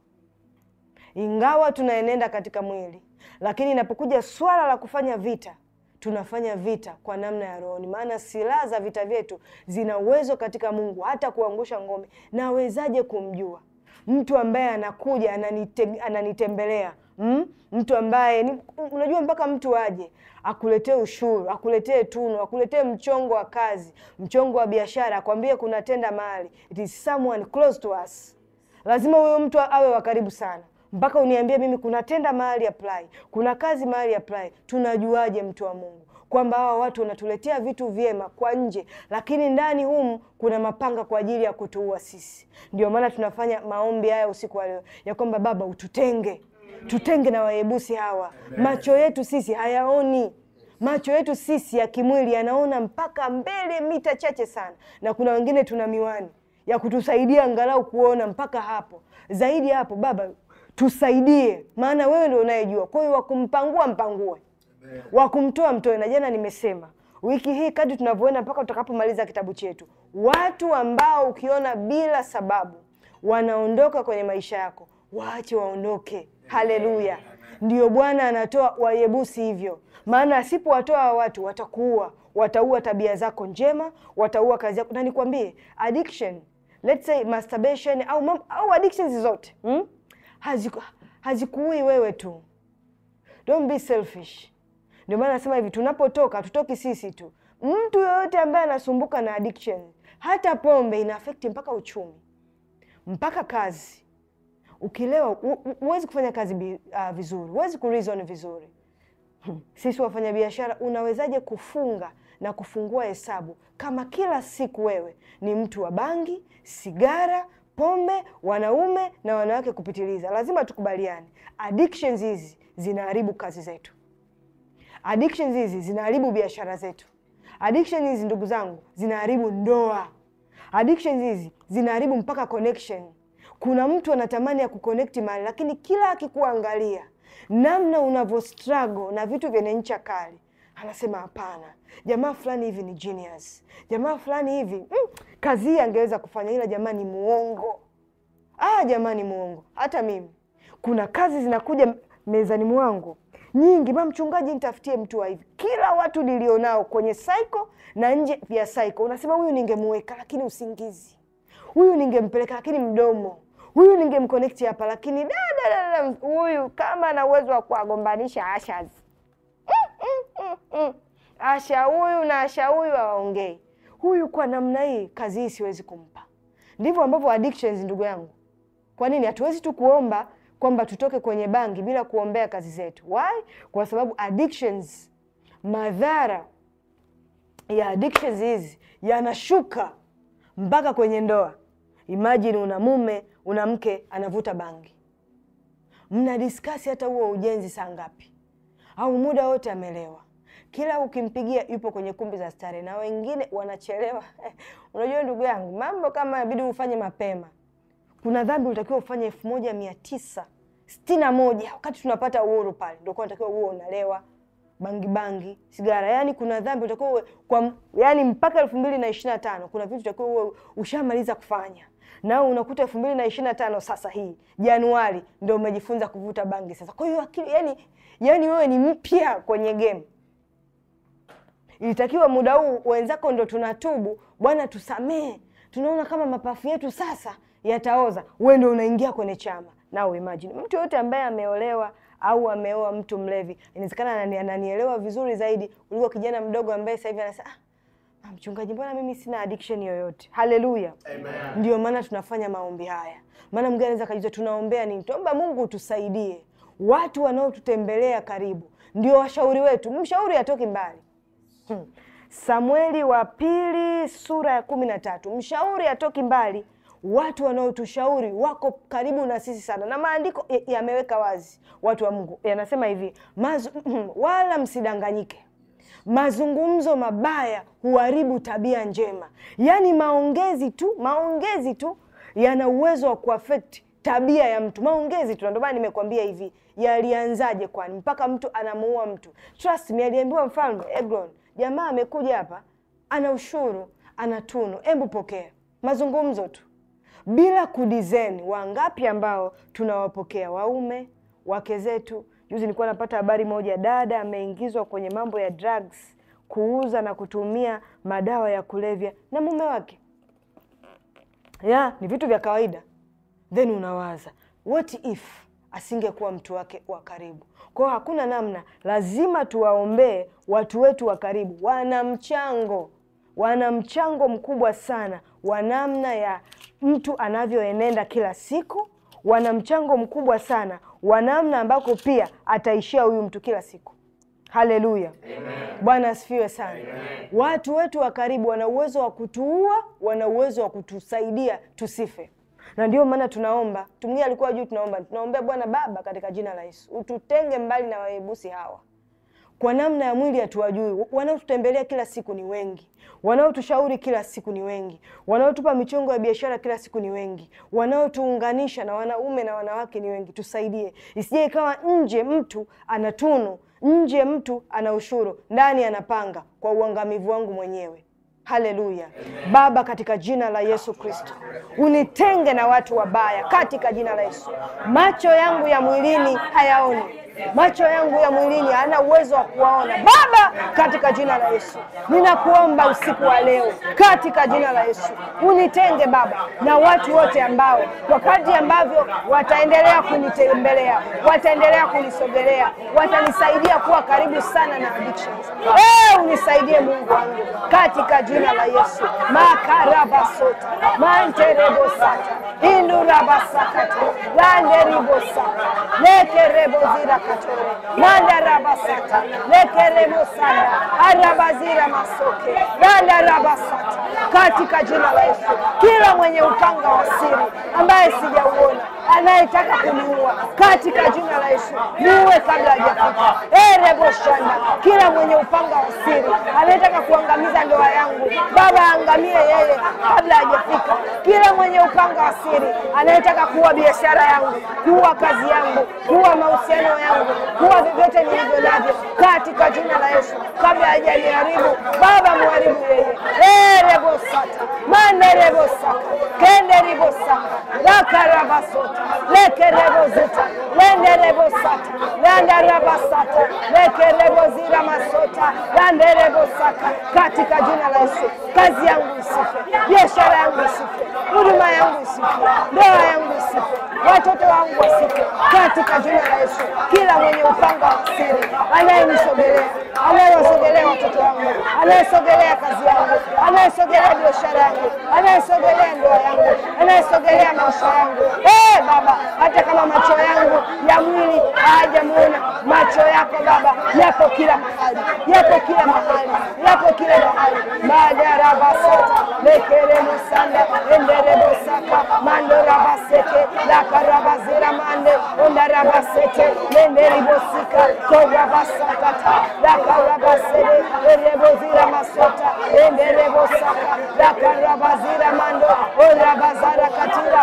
ingawa tunaenenda katika mwili, lakini inapokuja swala la kufanya vita tunafanya vita kwa namna ya rohoni, maana silaha za vita vyetu zina uwezo katika Mungu hata kuangusha ngome. Nawezaje kumjua mtu ambaye anakuja ananite, ananitembelea mm? mtu ambaye ni, unajua mpaka mtu aje akuletee ushuru, akuletee tunu, akuletee mchongo wa kazi, mchongo wa biashara, akwambie kuna tenda mahali, it is someone close to us. Lazima huyo mtu awe wa karibu sana, mpaka uniambie mimi kuna tenda mahali apply, kuna kazi mahali apply. Tunajuaje mtu wa Mungu kwamba hawa watu wanatuletea vitu vyema kwa nje, lakini ndani humu kuna mapanga kwa ajili ya kutuua sisi. Ndio maana tunafanya maombi haya usiku wa leo ya kwamba Baba ututenge tutenge na wayebusi hawa. Macho yetu sisi hayaoni macho yetu sisi ya kimwili yanaona mpaka mbele mita chache sana, na kuna wengine tuna miwani ya kutusaidia angalau kuona mpaka hapo. Zaidi ya hapo, Baba tusaidie, maana wewe ndio unayejua. Kwa hiyo wakumpangua mpangue, wakumtoa mtoe. Na jana nimesema wiki hii, kadi tunavyoenda mpaka tutakapomaliza kitabu chetu, watu ambao ukiona bila sababu wanaondoka kwenye maisha yako, waache waondoke. Haleluya! Ndiyo Bwana anatoa Wayebusi hivyo, maana asipowatoa watu watakuua, wataua tabia zako njema, wataua kazi yako. Na nikwambie addiction, let's say masturbation au, mam, au addictions zote hmm? haziku, hazikuui wewe tu. Don't be selfish. Ndio maana nasema hivi, tunapotoka tutoki sisi tu, mtu yoyote ambaye anasumbuka na addiction, hata pombe ina affect mpaka uchumi, mpaka kazi Ukilewa huwezi kufanya kazi uh, vizuri, huwezi kureason vizuri. Hmm. Sisi wafanyabiashara, unawezaje kufunga na kufungua hesabu kama kila siku wewe ni mtu wa bangi, sigara, pombe, wanaume na wanawake kupitiliza? Lazima tukubaliane, addictions hizi zinaharibu kazi zetu, addictions hizi zinaharibu biashara zetu, addictions hizi ndugu zangu, zinaharibu ndoa, addictions hizi zinaharibu mpaka connection kuna mtu anatamani ya kukonekti mali, lakini kila akikuangalia namna unavyo struggle na vitu vyenye ncha kali, anasema hapana, jamaa fulani hivi ni genius, jamaa fulani hivi mm, kazi hii angeweza kufanya, ila jamaa ni muongo. Ah, jamaa ni muongo. Hata mimi kuna kazi zinakuja mezani mwangu nyingi, ma mchungaji, nitafutie mtu wa hivi. Kila watu nilionao kwenye saiko na nje ya saiko, unasema huyu ningemuweka, lakini usingizi, huyu ningempeleka, lakini mdomo huyu ningemconnect hapa, lakini da huyu kama ana uwezo wa kuwagombanisha Asha mm, mm, mm, Asha huyu na Asha huyu hawaongei, huyu kwa namna hii, kazi hii siwezi kumpa. Ndivyo ambavyo addictions, ndugu yangu. Kwa nini hatuwezi tu kuomba kwamba tutoke kwenye bangi bila kuombea kazi zetu? Why? Kwa sababu addictions, madhara ya addictions hizi yanashuka mpaka kwenye ndoa. Imagine una mume una mke anavuta bangi, mna diskasi hata huo ujenzi saa ngapi, au muda wote amelewa kila ukimpigia yupo kwenye kumbi za starehe na wengine wanachelewa. Unajua ndugu yangu, mambo kama inabidi ufanye mapema. Kuna dhambi ulitakiwa ufanye elfu moja mia tisa sitini na moja wakati tunapata uhuru pale, ndio kwa unatakiwa huo unalewa bangi bangi, sigara. Yani kuna dhambi ulitakiwa kwa, yani mpaka elfu mbili na ishirini na tano kuna vitu utakiwa ushamaliza kufanya na unakuta elfu mbili na ishirini na tano sasa hii Januari ndio umejifunza kuvuta bangi sasa. Kwa hiyo akili yani, yani wewe ni mpya kwenye game. Ilitakiwa muda huu wenzako ndo tunatubu, bwana tusamee, tunaona kama mapafu yetu sasa yataoza, wewe ndio unaingia kwenye chama. Now imagine mtu yote ambaye ameolewa au ameoa mtu mlevi, inawezekana ananielewa vizuri zaidi kuliko kijana mdogo ambaye sasa hivi anasema ah, Ah, mchungaji, mbona mimi sina addiction yoyote? Haleluya, amen. Ndio maana tunafanya maombi haya, maana mgeni anaweza kajuza tunaombea nini? Tuomba Mungu tusaidie watu wanaotutembelea karibu, ndio washauri wetu. Mshauri atoki mbali hmm. Samueli wa pili sura ya kumi na tatu. Mshauri atoki mbali, watu wanaotushauri wako karibu na sisi sana, na maandiko yameweka wazi, watu wa Mungu yanasema hivi mazu, wala msidanganyike Mazungumzo mabaya huharibu tabia njema. Yaani maongezi tu, maongezi tu yana uwezo wa kuaffect tabia ya mtu, maongezi tu. Ndio maana nimekwambia hivi, yalianzaje kwani mpaka mtu anamuua mtu? Trust me, aliambiwa mfalme Eglon, jamaa amekuja hapa, ana ushuru, ana tunu, embu pokea. Mazungumzo tu bila kudizeni. Wangapi ambao tunawapokea waume wake zetu Juzi nilikuwa napata habari moja, dada ameingizwa kwenye mambo ya drugs, kuuza na kutumia madawa ya kulevya na mume wake. Ya, ni vitu vya kawaida. Then unawaza what if asingekuwa mtu wake wa karibu. Kwa hiyo hakuna namna, lazima tuwaombee watu wetu wa karibu. Wana mchango, wana mchango mkubwa sana wa namna ya mtu anavyoenenda kila siku, wana mchango mkubwa sana wa namna ambako pia ataishia huyu mtu kila siku. Haleluya, Bwana asifiwe sana. Amen. Watu wetu wa karibu wana uwezo wa kutuua, wana uwezo wa kutusaidia tusife, na ndio maana tunaomba. Tumwingine alikuwa juu, tunaomba tunaombea Bwana Baba, katika jina la Yesu ututenge mbali na waebusi hawa kwa namna ya mwili hatuwajui. Wanaotutembelea kila siku ni wengi, wanaotushauri kila siku ni wengi, wanaotupa michongo ya biashara kila siku ni wengi, wanaotuunganisha na wanaume na wanawake ni wengi. Tusaidie, isije ikawa nje mtu ana tunu, nje mtu ana ushuru, ndani anapanga kwa uangamivu wangu mwenyewe. Haleluya. Baba, katika jina la Yesu Kristo, unitenge na watu wabaya katika jina la Yesu. Macho yangu ya mwilini hayaoni macho yangu ya mwilini hana uwezo wa kuwaona Baba, katika jina la Yesu ninakuomba usiku wa leo, katika jina la Yesu unitenge Baba na watu wote ambao wakati ambavyo wataendelea kunitembelea, wataendelea kunisogelea, watanisaidia kuwa karibu sana na addictions. Hey, eh, unisaidie Mungu wangu katika jina la Yesu makarabasota manterebosata indurabasakata landeribosaka lekereboziraka manda rabasata lekeremosana arabazira masoke randa rabasata, katika jina la Yesu, kila mwenye upanga wa siri ambaye sijauona anayetaka kuniua katika jina la Yesu, niue kabla hajafika. E rebo shanda, kila mwenye upanga wa siri anayetaka kuangamiza ndoa yangu, Baba angamie yeye kabla hajafika. Kila mwenye upanga wa siri anayetaka kuua biashara yangu, kuua kazi yangu, kuua mahusiano yangu, kuua vyovyote nilivyo navyo, katika jina la Yesu, kabla hajaniharibu, Baba muharibu yeye. E rebo sata manda rebo kende rebo lekerebozita lenderebosata landarabasata lekerebozira masota landerebosaka katika jina la Yesu, kazi yangu isife, biashara yangu isife, huduma yangu isife, ndoa yangu wasife, watoto wangu wasife katika jina la Yesu. Kila mwenye upanga wa siri anayenisogelea, anayewasogelea watoto wangu, anayesogelea kazi yangu, anayesogelea biashara yangu, anayesogelea ndoa yangu, anayesogelea maisha yangu, eh Baba, hata kama macho yangu ya mwili hayajamuona, macho yako Baba yako kila mahali, yako kila mahali, yako kila mahali madarabasata lekeremosanda enderebosaka mandorabaseke lakaravaziramande ondaravasete nenderivosika kovavasakata rakaravasere erevoziramasuta enderevosaka rakaravaziramandoa oravazara katira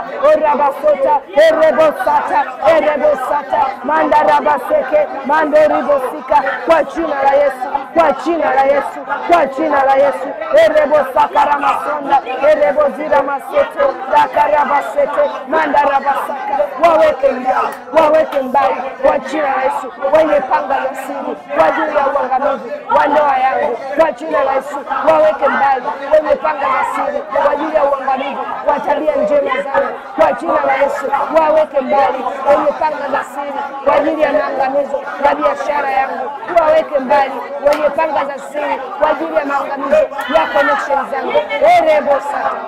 erebosata erebosata mandarabaseke mandorivosika kwa jina la yesu kwa jina la yesu kwa jina la yesu erebosakaramasonda erevoziramasete rakarabasete mandara barabasaka waweke mbali, waweke mbali kwa jina la Yesu wenye panga na siri kwa juu ya uangamizi wa ndoa yangu kwa jina la Yesu waweke mbali wenye panga na siri kwa ajili ya uangamizi wa tabia njema zangu kwa jina la Yesu waweke mbali wenye panga na siri kwa ajili ya maangamizo ya biashara yangu waweke mbali wenye panga za siri kwa ajili ya maangamizo ya connection zangu erebo sata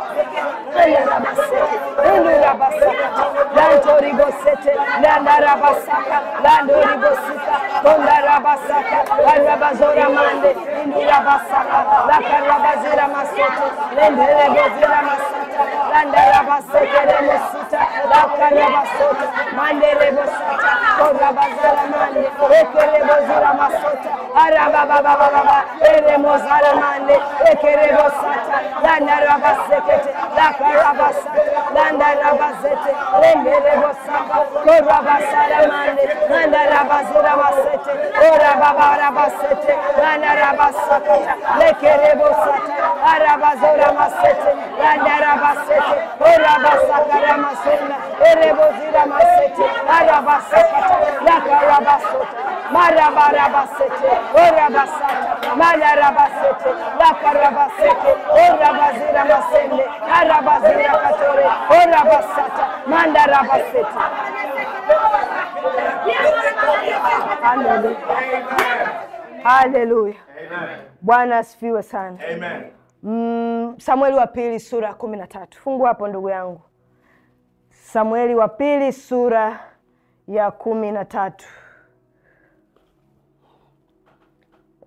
endelabaseka Lantori Bosete, Landara Basaka, Landori Bosita, Tondara Basaka, Arabazora Mande, Indira Basaka, Lakarabazira Masete, Lendere Gezira Masata, Landara Basete, Lemosita, Lakarabasota, Mandere Bosata, Torabazara Mande, Ekere Bozira Masota, Arababababa, Ere Mozara Mande, Ekere Bosata, Landara Basekete, Lakarabasata, Landara Basete, Rendele Bosaka, Koraba Salamande, Nanda Rabazura Basete, Orababa Rabasete, Nanda Rabasaka, Lekere Bosata, Arabazura Masete, Nanda Rabasete, Orabasaka Ramasena, Erebozira Masete, Arabasaka, Laka Rabasota, Maraba Rabasete, Orabasata, Mana Rabasete, Laka Rabasete, Orabazira Masene, Arabazira Katore, Orabasata, mandara baseta haleluya bwana asifiwe sana Amen. Mm, samueli wa pili sura ya kumi na tatu fungu hapo ndugu yangu samueli wa pili sura ya kumi na tatu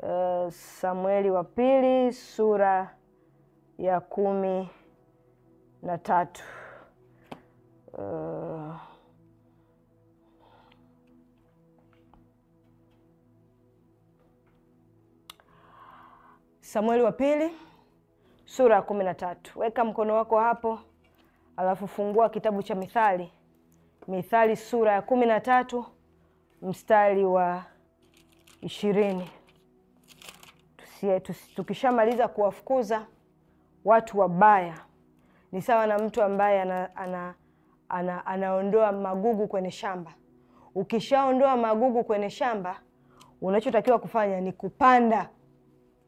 uh, samueli wa pili sura ya kumi na tatu Eh, Samueli wa pili sura ya kumi na tatu. Weka mkono wako hapo, alafu fungua kitabu cha Mithali. Mithali sura ya kumi na tatu mstari wa ishirini. Tukishamaliza kuwafukuza watu wabaya, ni sawa na mtu ambaye ana, ana ana, anaondoa magugu kwenye shamba. Ukishaondoa magugu kwenye shamba, unachotakiwa kufanya ni kupanda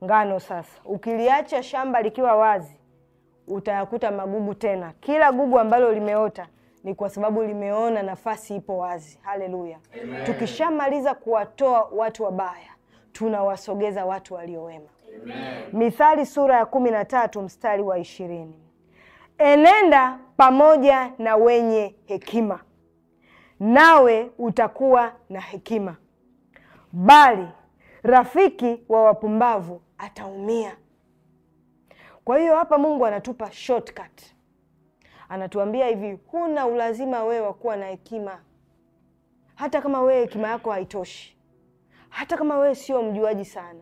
ngano. Sasa ukiliacha shamba likiwa wazi, utayakuta magugu tena. Kila gugu ambalo limeota ni kwa sababu limeona nafasi ipo wazi. Haleluya! Tukishamaliza kuwatoa watu wabaya, tunawasogeza watu waliowema. Mithali sura ya kumi na tatu mstari wa ishirini enenda pamoja na wenye hekima, nawe utakuwa na hekima, bali rafiki wa wapumbavu ataumia. Kwa hiyo hapa Mungu anatupa shortcut, anatuambia hivi, huna ulazima wewe wa kuwa na hekima, hata kama wewe hekima yako haitoshi, hata kama wewe sio mjuaji sana,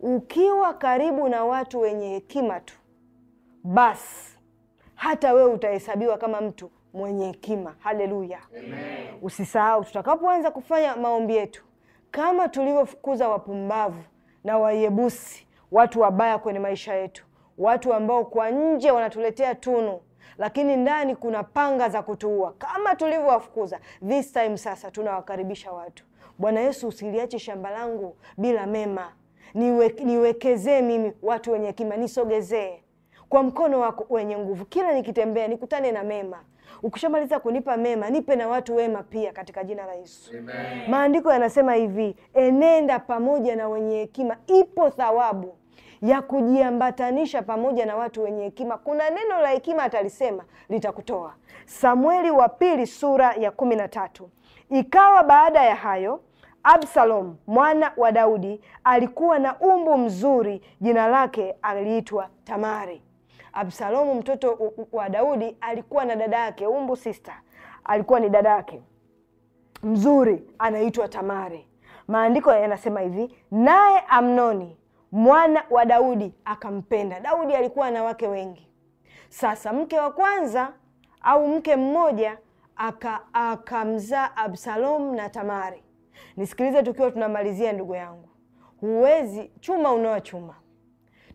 ukiwa karibu na watu wenye hekima tu basi hata wewe utahesabiwa kama mtu mwenye hekima. Haleluya, Usisahau, tutakapoanza kufanya maombi yetu, kama tulivyofukuza wapumbavu na Wayebusi, watu wabaya kwenye maisha yetu, watu ambao kwa nje wanatuletea tunu lakini ndani kuna panga za kutuua, kama tulivyowafukuza this time. Sasa tunawakaribisha watu. Bwana Yesu, usiliache shamba langu bila mema, niwe, niwekezee mimi watu wenye hekima, nisogezee kwa mkono wako wenye nguvu. Kila nikitembea nikutane na mema. Ukishamaliza kunipa mema, nipe na watu wema pia, katika jina la Yesu. Maandiko yanasema hivi, enenda pamoja na wenye hekima. Ipo thawabu ya kujiambatanisha pamoja na watu wenye hekima. Kuna neno la hekima atalisema litakutoa. Samueli wa pili sura ya kumi na tatu. Ikawa baada ya hayo Absalom mwana wa Daudi alikuwa na umbu mzuri, jina lake aliitwa Tamari. Absalomu mtoto wa Daudi alikuwa na dada yake umbu sister, alikuwa ni dada yake mzuri anaitwa Tamari. Maandiko yanasema hivi, naye Amnoni mwana wa Daudi akampenda. Daudi alikuwa na wake wengi. Sasa mke wa kwanza au mke mmoja akamzaa aka Absalomu na Tamari. Nisikilize tukiwa tunamalizia, ndugu yangu, huwezi chuma chuma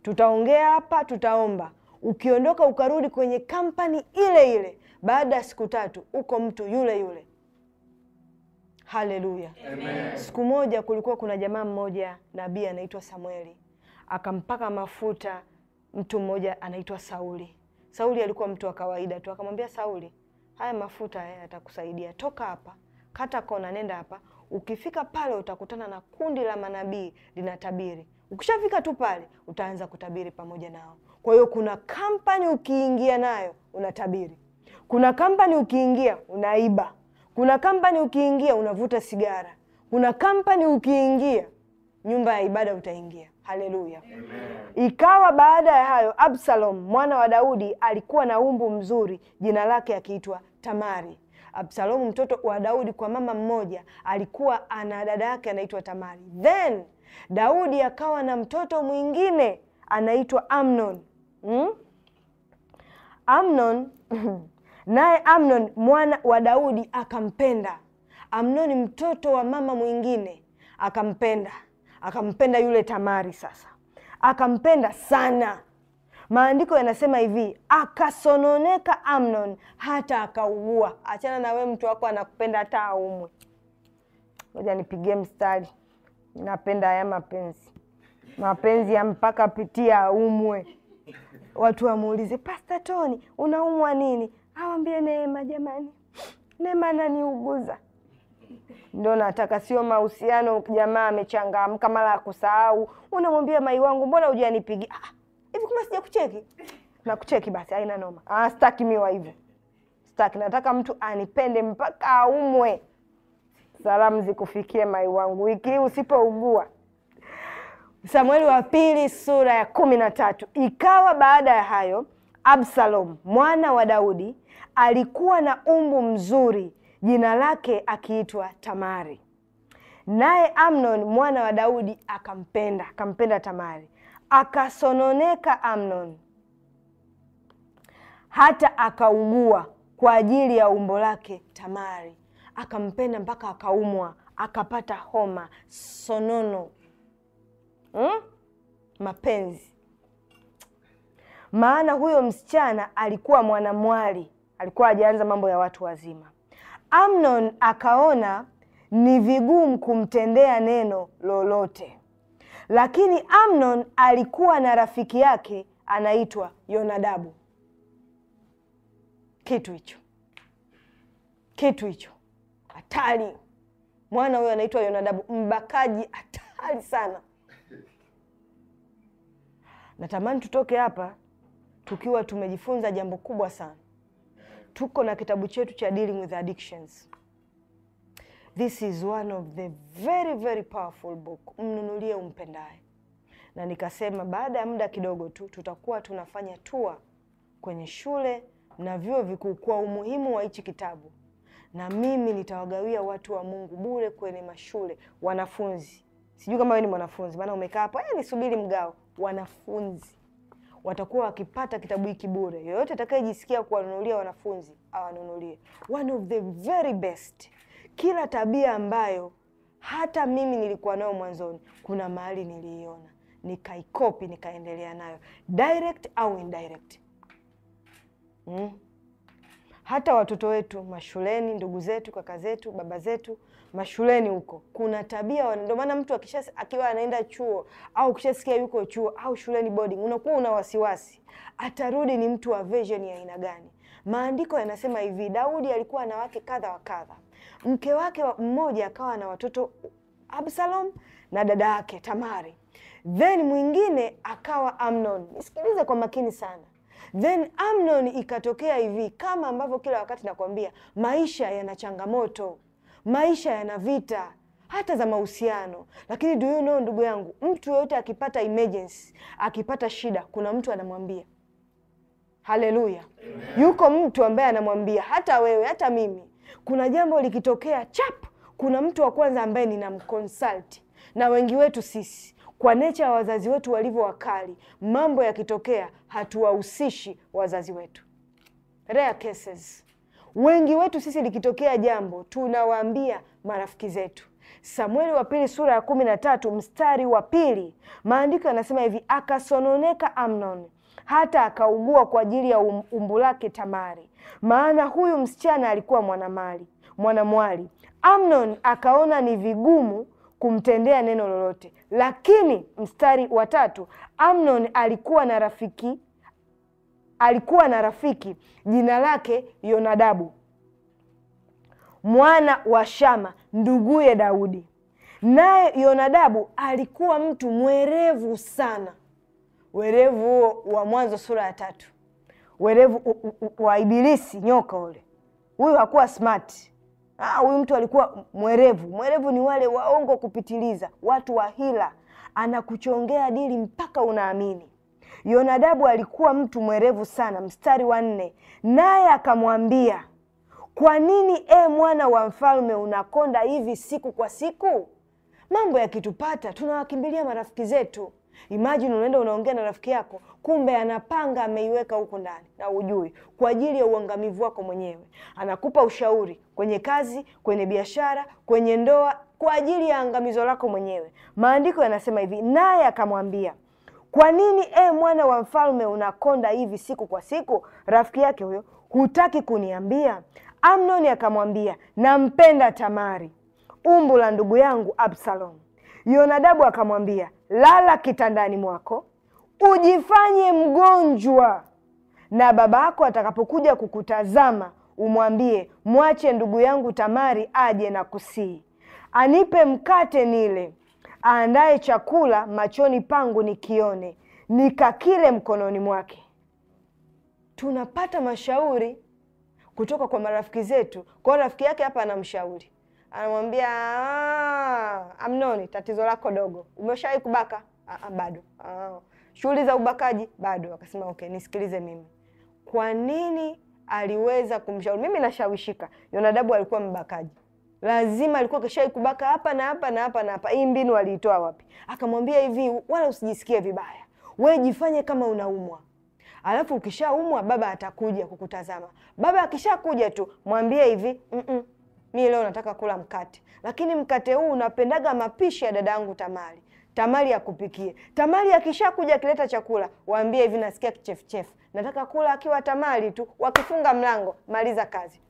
Tutaongea hapa, tutaomba ukiondoka ukarudi kwenye kampani ile ile, baada ya siku tatu uko mtu yule yule. Haleluya, Siku moja kulikuwa kuna jamaa mmoja nabii anaitwa Samueli, akampaka mafuta mtu mmoja anaitwa Sauli. Sauli alikuwa mtu wa kawaida tu, akamwambia Sauli, haya mafuta haya eh, yatakusaidia, toka hapa, kata kona, nenda hapa. Ukifika pale utakutana na kundi la manabii linatabiri. Ukishafika tu pale utaanza kutabiri pamoja nao. Kwa hiyo kuna kampani ukiingia nayo unatabiri, kuna kampani ukiingia unaiba, kuna kampani ukiingia unavuta sigara, kuna kampani ukiingia nyumba ya ibada utaingia. Haleluya! Ikawa baada ya hayo, Absalom mwana wa Daudi alikuwa na umbu mzuri, jina lake akiitwa Tamari. Absalomu mtoto wa Daudi kwa mama mmoja alikuwa ana dada yake anaitwa Tamari. Then Daudi akawa na mtoto mwingine anaitwa Amnon. Hmm? Amnon naye Amnon mwana wa Daudi akampenda amnon mtoto wa mama mwingine akampenda, akampenda yule Tamari. Sasa akampenda sana. Maandiko yanasema hivi, akasononeka Amnon hata akaugua. Achana na we, mtu wako anakupenda hata aumwe. Ngoja nipigie mstari, napenda haya mapenzi, mapenzi ya mpaka pitia aumwe watu wamuulize Pasta Toni, unaumwa nini? Awambie Neema, jamani, Neema naniuguza Ndo nataka sio mahusiano, jamaa amechangamka mara ya kusahau, unamwambia mai wangu, mbona hujanipigia ah, hivi? Kumbe sija kucheki na kucheki, basi haina noma. Ah, staki miwa hivyo, staki. Nataka mtu anipende mpaka aumwe. Salamu zikufikie mai wangu, wiki hii usipougua Samueli wa pili sura ya kumi na tatu. Ikawa baada ya hayo Absalom mwana wa Daudi alikuwa na umbu mzuri, jina lake akiitwa Tamari, naye Amnon mwana wa Daudi akampenda, akampenda Tamari. Akasononeka Amnon hata akaugua kwa ajili ya umbo lake Tamari, akampenda mpaka akaumwa, akapata homa sonono hmm? mapenzi. Maana huyo msichana alikuwa mwanamwali, alikuwa hajaanza mambo ya watu wazima. Amnon akaona ni vigumu kumtendea neno lolote, lakini Amnon alikuwa na rafiki yake anaitwa Yonadabu. Kitu hicho kitu hicho hatari. Mwana huyo anaitwa Yonadabu, mbakaji hatari sana. Natamani tutoke hapa tukiwa tumejifunza jambo kubwa sana. Tuko na kitabu chetu cha dealing with addictions. This is one of the very very powerful book, mnunulie umpendaye. Na nikasema baada ya muda kidogo tu tutakuwa tunafanya tua kwenye shule na vyuo vikuu kwa umuhimu wa hichi kitabu, na mimi nitawagawia watu wa Mungu bure kwenye mashule, wanafunzi. Sijui kama wewe ni mwanafunzi, maana umekaa hapo, nisubiri yaani, mgao wanafunzi watakuwa wakipata kitabu hiki bure. Yoyote atakayejisikia kuwanunulia wanafunzi awanunulie. One of the very best, kila tabia ambayo hata mimi nilikuwa nayo mwanzoni, kuna mahali niliiona nikaikopi, nikaendelea nayo direct au indirect. Mm. Hata watoto wetu mashuleni, ndugu zetu, kaka zetu, baba zetu mashuleni huko kuna tabia, ndio maana mtu akisha akiwa anaenda chuo au kishasikia yuko chuo au shuleni boarding, unakuwa una wasiwasi atarudi ni mtu wa version ya aina gani. Maandiko yanasema hivi, Daudi alikuwa na wake kadha wa kadha, mke wake mmoja akawa na watoto Absalom na dada yake Tamari, then mwingine akawa Amnon. Nisikilize kwa makini sana. Then Amnon ikatokea hivi, kama ambavyo kila wakati nakwambia, maisha yana changamoto maisha yana vita hata za mahusiano. Lakini do you know, ndugu yangu, mtu yoyote akipata emergency, akipata shida, kuna mtu anamwambia. Haleluya, yuko mtu ambaye anamwambia, hata wewe, hata mimi. Kuna jambo likitokea, chap, kuna mtu wa kwanza ambaye ninamconsult, na wengi wetu sisi kwa necha ya wazazi wetu walivyo wakali, mambo yakitokea hatuwahusishi wazazi wetu. Rare cases Wengi wetu sisi likitokea jambo tunawaambia marafiki zetu. Samueli wa pili sura ya kumi na tatu mstari wa pili maandiko yanasema hivi, akasononeka Amnon hata akaugua kwa ajili ya um-, umbu lake Tamari, maana huyu msichana alikuwa mwanamali mwanamwali. Amnon akaona ni vigumu kumtendea neno lolote, lakini mstari wa tatu, Amnon alikuwa na rafiki alikuwa na rafiki jina lake Yonadabu mwana wa Shama nduguye Daudi. Naye Yonadabu alikuwa mtu mwerevu sana. Werevu huo wa Mwanzo sura ya tatu, werevu wa Ibilisi nyoka ule. Huyu hakuwa smart. Ah, huyu mtu alikuwa mwerevu. Mwerevu ni wale waongo kupitiliza, watu wa hila, anakuchongea dili mpaka unaamini. Yonadabu alikuwa mtu mwerevu sana. Mstari wa nne, naye akamwambia, kwa nini e mwana wa mfalme unakonda hivi siku kwa siku? Mambo yakitupata tunawakimbilia marafiki zetu. Imajini unaenda unaongea na rafiki yako, kumbe anapanga ameiweka huko ndani na ujui, kwa ajili ya uangamivu wako mwenyewe. Anakupa ushauri kwenye kazi, kwenye biashara, kwenye ndoa, kwa ajili ya angamizo lako mwenyewe. Maandiko yanasema hivi, naye akamwambia kwa nini e, mwana wa mfalme unakonda hivi siku kwa siku? Rafiki yake huyo, hutaki kuniambia? Amnoni akamwambia, nampenda Tamari, umbu la ndugu yangu Absalom. Yonadabu akamwambia, lala kitandani mwako ujifanye mgonjwa, na babako atakapokuja kukutazama umwambie, mwache ndugu yangu Tamari aje na kusii, anipe mkate nile aandaye chakula machoni pangu nikione, nikakile mkononi mwake. Tunapata mashauri kutoka kwa marafiki zetu. Kwa rafiki yake hapa anamshauri, anamwambia Amnoni, tatizo lako dogo, umeshawahi kubaka? Ah, ah, bado. Ah, shughuli za ubakaji bado. Akasema okay, nisikilize mimi. Kwa nini aliweza kumshauri? Mimi nashawishika, Yonadabu alikuwa mbakaji lazima alikuwa kashai kubaka hapa na hapa na hapa na hapa. Hii mbinu aliitoa wapi? Akamwambia hivi, wala usijisikie vibaya, we jifanye kama unaumwa, alafu ukishaumwa baba atakuja kukutazama. Baba akishakuja tu mwambie hivi mm -mm, mi leo nataka kula mkate, lakini mkate huu unapendaga mapishi ya dada yangu Tamari Tamari akupikie. Tamari akishakuja akileta chakula, waambie hivi, nasikia kichefuchefu, nataka kula akiwa Tamari tu. Wakifunga mlango, maliza kazi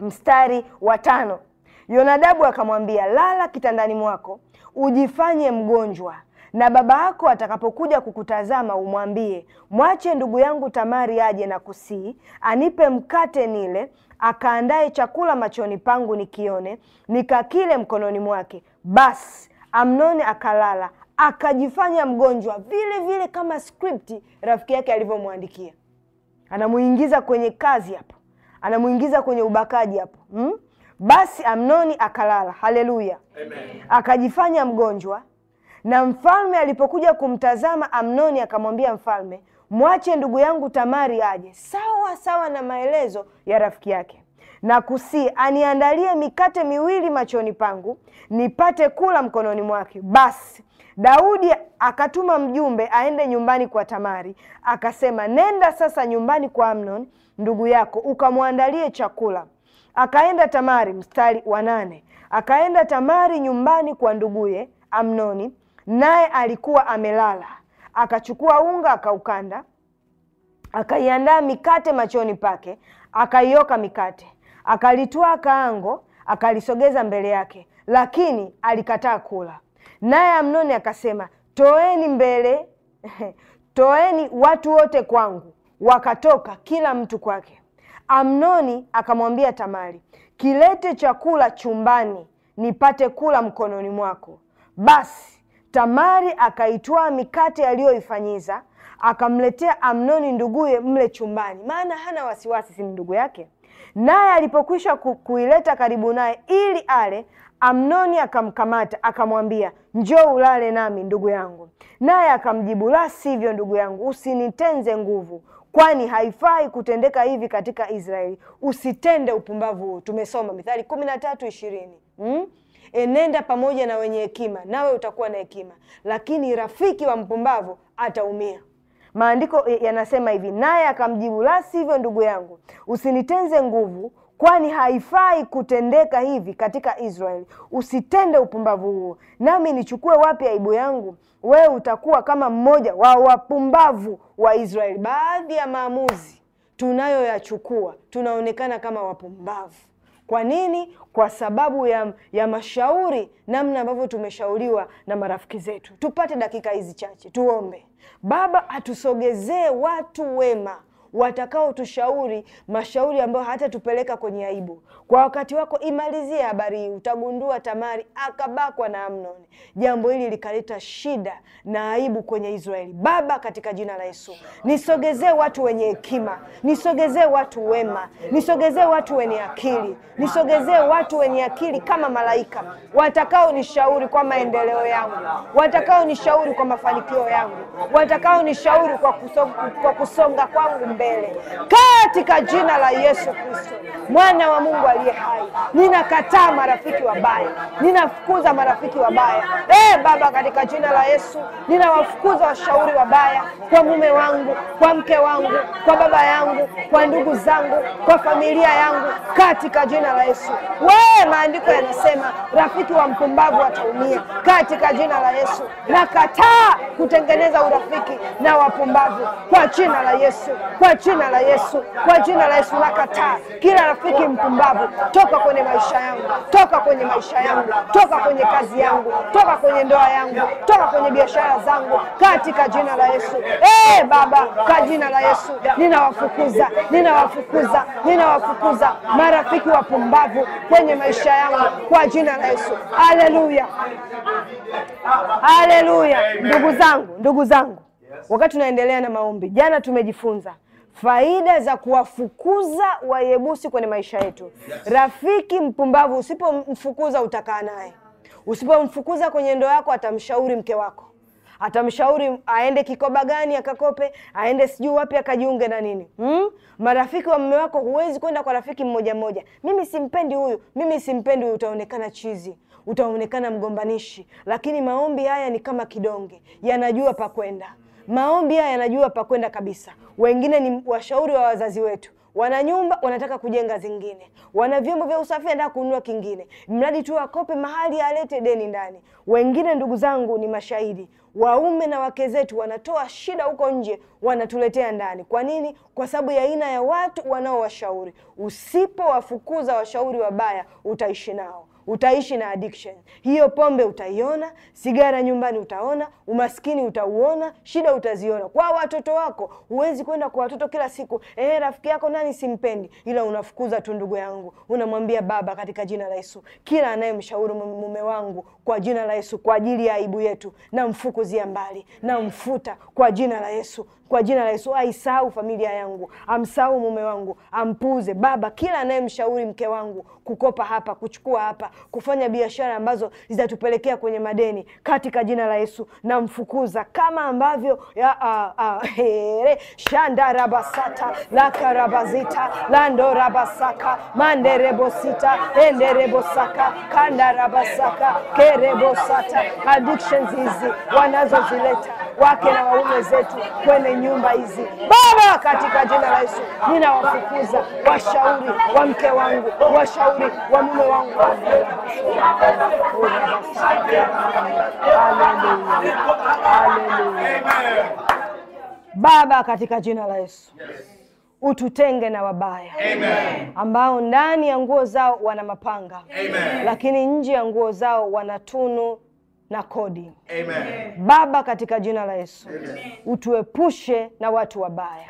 mstari wa tano Yonadabu akamwambia, lala kitandani mwako ujifanye mgonjwa, na baba yako atakapokuja kukutazama umwambie, mwache ndugu yangu Tamari aje na kusii anipe mkate nile, akaandaye chakula machoni pangu nikione, nikakile mkononi mwake. Basi Amnoni akalala akajifanya mgonjwa vile vile, kama skripti rafiki yake alivyomwandikia. Anamuingiza kwenye kazi hapo anamuingiza kwenye ubakaji hapo hmm? Basi Amnoni akalala, haleluya, akajifanya mgonjwa. Na mfalme alipokuja kumtazama Amnoni, akamwambia mfalme, mwache ndugu yangu Tamari aje sawa sawa na maelezo ya rafiki yake na kusii aniandalie mikate miwili machoni pangu nipate kula mkononi mwake. Basi Daudi akatuma mjumbe aende nyumbani kwa Tamari, akasema, nenda sasa nyumbani kwa Amnon ndugu yako ukamwandalie chakula. Akaenda Tamari, mstari wa nane, akaenda Tamari nyumbani kwa nduguye Amnoni, naye alikuwa amelala. Akachukua unga akaukanda, akaiandaa mikate machoni pake, akaioka mikate, akalitwaa kaango, akalisogeza mbele yake, lakini alikataa kula. Naye Amnoni akasema, toeni mbele toeni watu wote kwangu Wakatoka kila mtu kwake. Amnoni akamwambia Tamari, kilete chakula chumbani nipate kula mkononi mwako. Basi Tamari akaitwaa mikate aliyoifanyiza akamletea Amnoni nduguye mle chumbani, maana hana wasiwasi, si ndugu yake. Naye alipokwisha kuileta karibu naye ili ale, Amnoni akamkamata akamwambia, njoo ulale nami ndugu yangu. Naye akamjibu, la sivyo ndugu yangu, usinitenze nguvu, kwani haifai kutendeka hivi katika Israeli. Usitende upumbavu huu. Tumesoma Mithali kumi na tatu ishirini hmm? Enenda pamoja na wenye hekima, nawe utakuwa na hekima, lakini rafiki wa mpumbavu ataumia. Maandiko e, yanasema hivi, naye akamjibu, la sivyo ndugu yangu, usinitenze nguvu kwani haifai kutendeka hivi katika Israeli. Usitende upumbavu huo, nami nichukue wapi aibu yangu? Wewe utakuwa kama mmoja wa wapumbavu wa Israeli. Baadhi ya maamuzi tunayoyachukua tunaonekana kama wapumbavu. Kwa nini? Kwa sababu ya, ya mashauri, namna ambavyo tumeshauriwa na marafiki zetu. Tupate dakika hizi chache tuombe. Baba, atusogezee watu wema watakaotushauri mashauri ambayo hatatupeleka kwenye aibu. Kwa wakati wako imalizie habari hii, utagundua Tamari akabakwa na Amnoni. Jambo hili likaleta shida na aibu kwenye Israeli. Baba, katika jina la Yesu, nisogezee watu wenye hekima, nisogezee watu wema, nisogezee watu wenye akili, nisogezee watu wenye akili kama malaika, watakaonishauri kwa maendeleo yangu, watakaonishauri kwa mafanikio yangu, watakaonishauri kwa kwa kusonga kwangu mbele milele katika jina la Yesu Kristo mwana wa Mungu aliye hai. Ninakataa marafiki wabaya, ninafukuza marafiki wabaya. E Baba, katika jina la Yesu ninawafukuza washauri wabaya kwa mume wangu, kwa mke wangu, kwa baba yangu, kwa ndugu zangu, kwa familia yangu, katika jina la Yesu. We, maandiko yanasema rafiki wa mpumbavu ataumia. Katika jina la Yesu nakataa kutengeneza urafiki na wapumbavu kwa jina la Yesu kwa kwa jina la Yesu, kwa jina la Yesu nakataa kila rafiki mpumbavu, toka kwenye maisha yangu, toka kwenye maisha yangu, toka kwenye kazi yangu, toka kwenye ndoa yangu, toka kwenye biashara zangu, katika jina la Yesu. Hey, eh, Baba, kwa jina la Yesu ninawafukuza, ninawafukuza, ninawafukuza marafiki wapumbavu kwenye maisha yangu kwa jina la Yesu. Haleluya, haleluya. Ndugu zangu, ndugu zangu, wakati tunaendelea na maombi, jana tumejifunza faida za kuwafukuza Wayebusi kwenye maisha yetu. Yes. Rafiki mpumbavu usipomfukuza utakaa naye, usipomfukuza kwenye ndoa yako atamshauri mke wako, atamshauri aende kikoba gani akakope, aende sijui wapi akajiunge na nini hmm? Marafiki wa mme wako huwezi kwenda kwa rafiki mmoja mmoja, mimi simpendi huyu, mimi simpendi huyu, utaonekana chizi utaonekana mgombanishi, lakini maombi haya ni kama kidonge, yanajua pa kwenda. Maombi haya yanajua pa kwenda kabisa. Wengine ni washauri wa wazazi wetu, wana nyumba wanataka kujenga zingine, wana vyombo vya usafiri wanataka kununua kingine, mradi tu akope mahali alete deni ndani. Wengine ndugu zangu ni mashahidi, waume na wake zetu wanatoa shida huko nje wanatuletea ndani. Kwa nini? Kwa sababu ya aina ya watu wanaowashauri. Usipowafukuza washauri wabaya, utaishi nao utaishi na addiction hiyo. Pombe utaiona, sigara nyumbani utaona, umaskini utauona, shida utaziona kwa watoto wako. Huwezi kwenda kwa watoto kila siku, eh, rafiki yako nani simpendi, ila unafukuza tu, ndugu yangu, unamwambia Baba, katika jina la Yesu, kila anayemshauri mume wangu kwa jina la Yesu, kwa ajili ya aibu yetu, namfukuzia mbali, namfuta kwa jina la Yesu kwa jina la Yesu. Aisahau familia yangu, amsahau mume wangu, ampuze Baba kila anayemshauri mke wangu kukopa hapa, kuchukua hapa, kufanya biashara ambazo zitatupelekea kwenye madeni, katika jina la Yesu namfukuza, kama ambavyo here shanda rabasata rabazita lando rabasaka manderebosita enderebosaka kanda rabasaka kerebosata. Addictions hizi wanazozileta wake na waume zetu kwenye nyumba hizi Baba, katika jina la Yesu ninawafukuza washauri wa mke wangu, washauri wa mume wangu. Baba, katika jina la Yesu ututenge na wabaya Amen. ambao ndani ya nguo zao wana mapanga Amen. lakini nje ya nguo zao wana tunu na kodi. Amen. Baba, katika jina la Yesu utuepushe na watu wabaya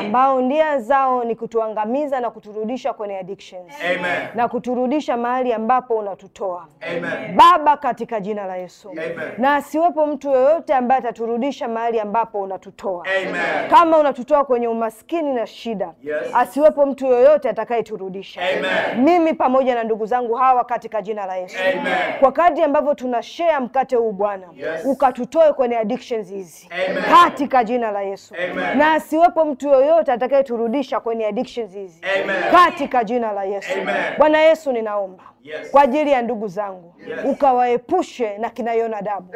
ambao ndia zao ni kutuangamiza na kuturudisha kwenye addictions. Amen. na kuturudisha mahali ambapo unatutoa Amen. Baba, katika jina la Yesu Amen. na asiwepo mtu yoyote ambaye ataturudisha mahali ambapo unatutoa Amen. kama unatutoa kwenye umaskini na shida yes. asiwepo mtu yoyote atakayeturudisha mimi pamoja na ndugu zangu hawa katika jina la Yesu Amen. kwa kadri ambavyo share mkate huu Bwana, yes. ukatutoe kwenye addictions hizi katika jina la Yesu Amen. na asiwepo mtu yoyote atakayeturudisha kwenye addictions hizi katika jina la Yesu Bwana Yesu ninaomba yes. kwa ajili ya ndugu zangu yes. ukawaepushe na kinayona damu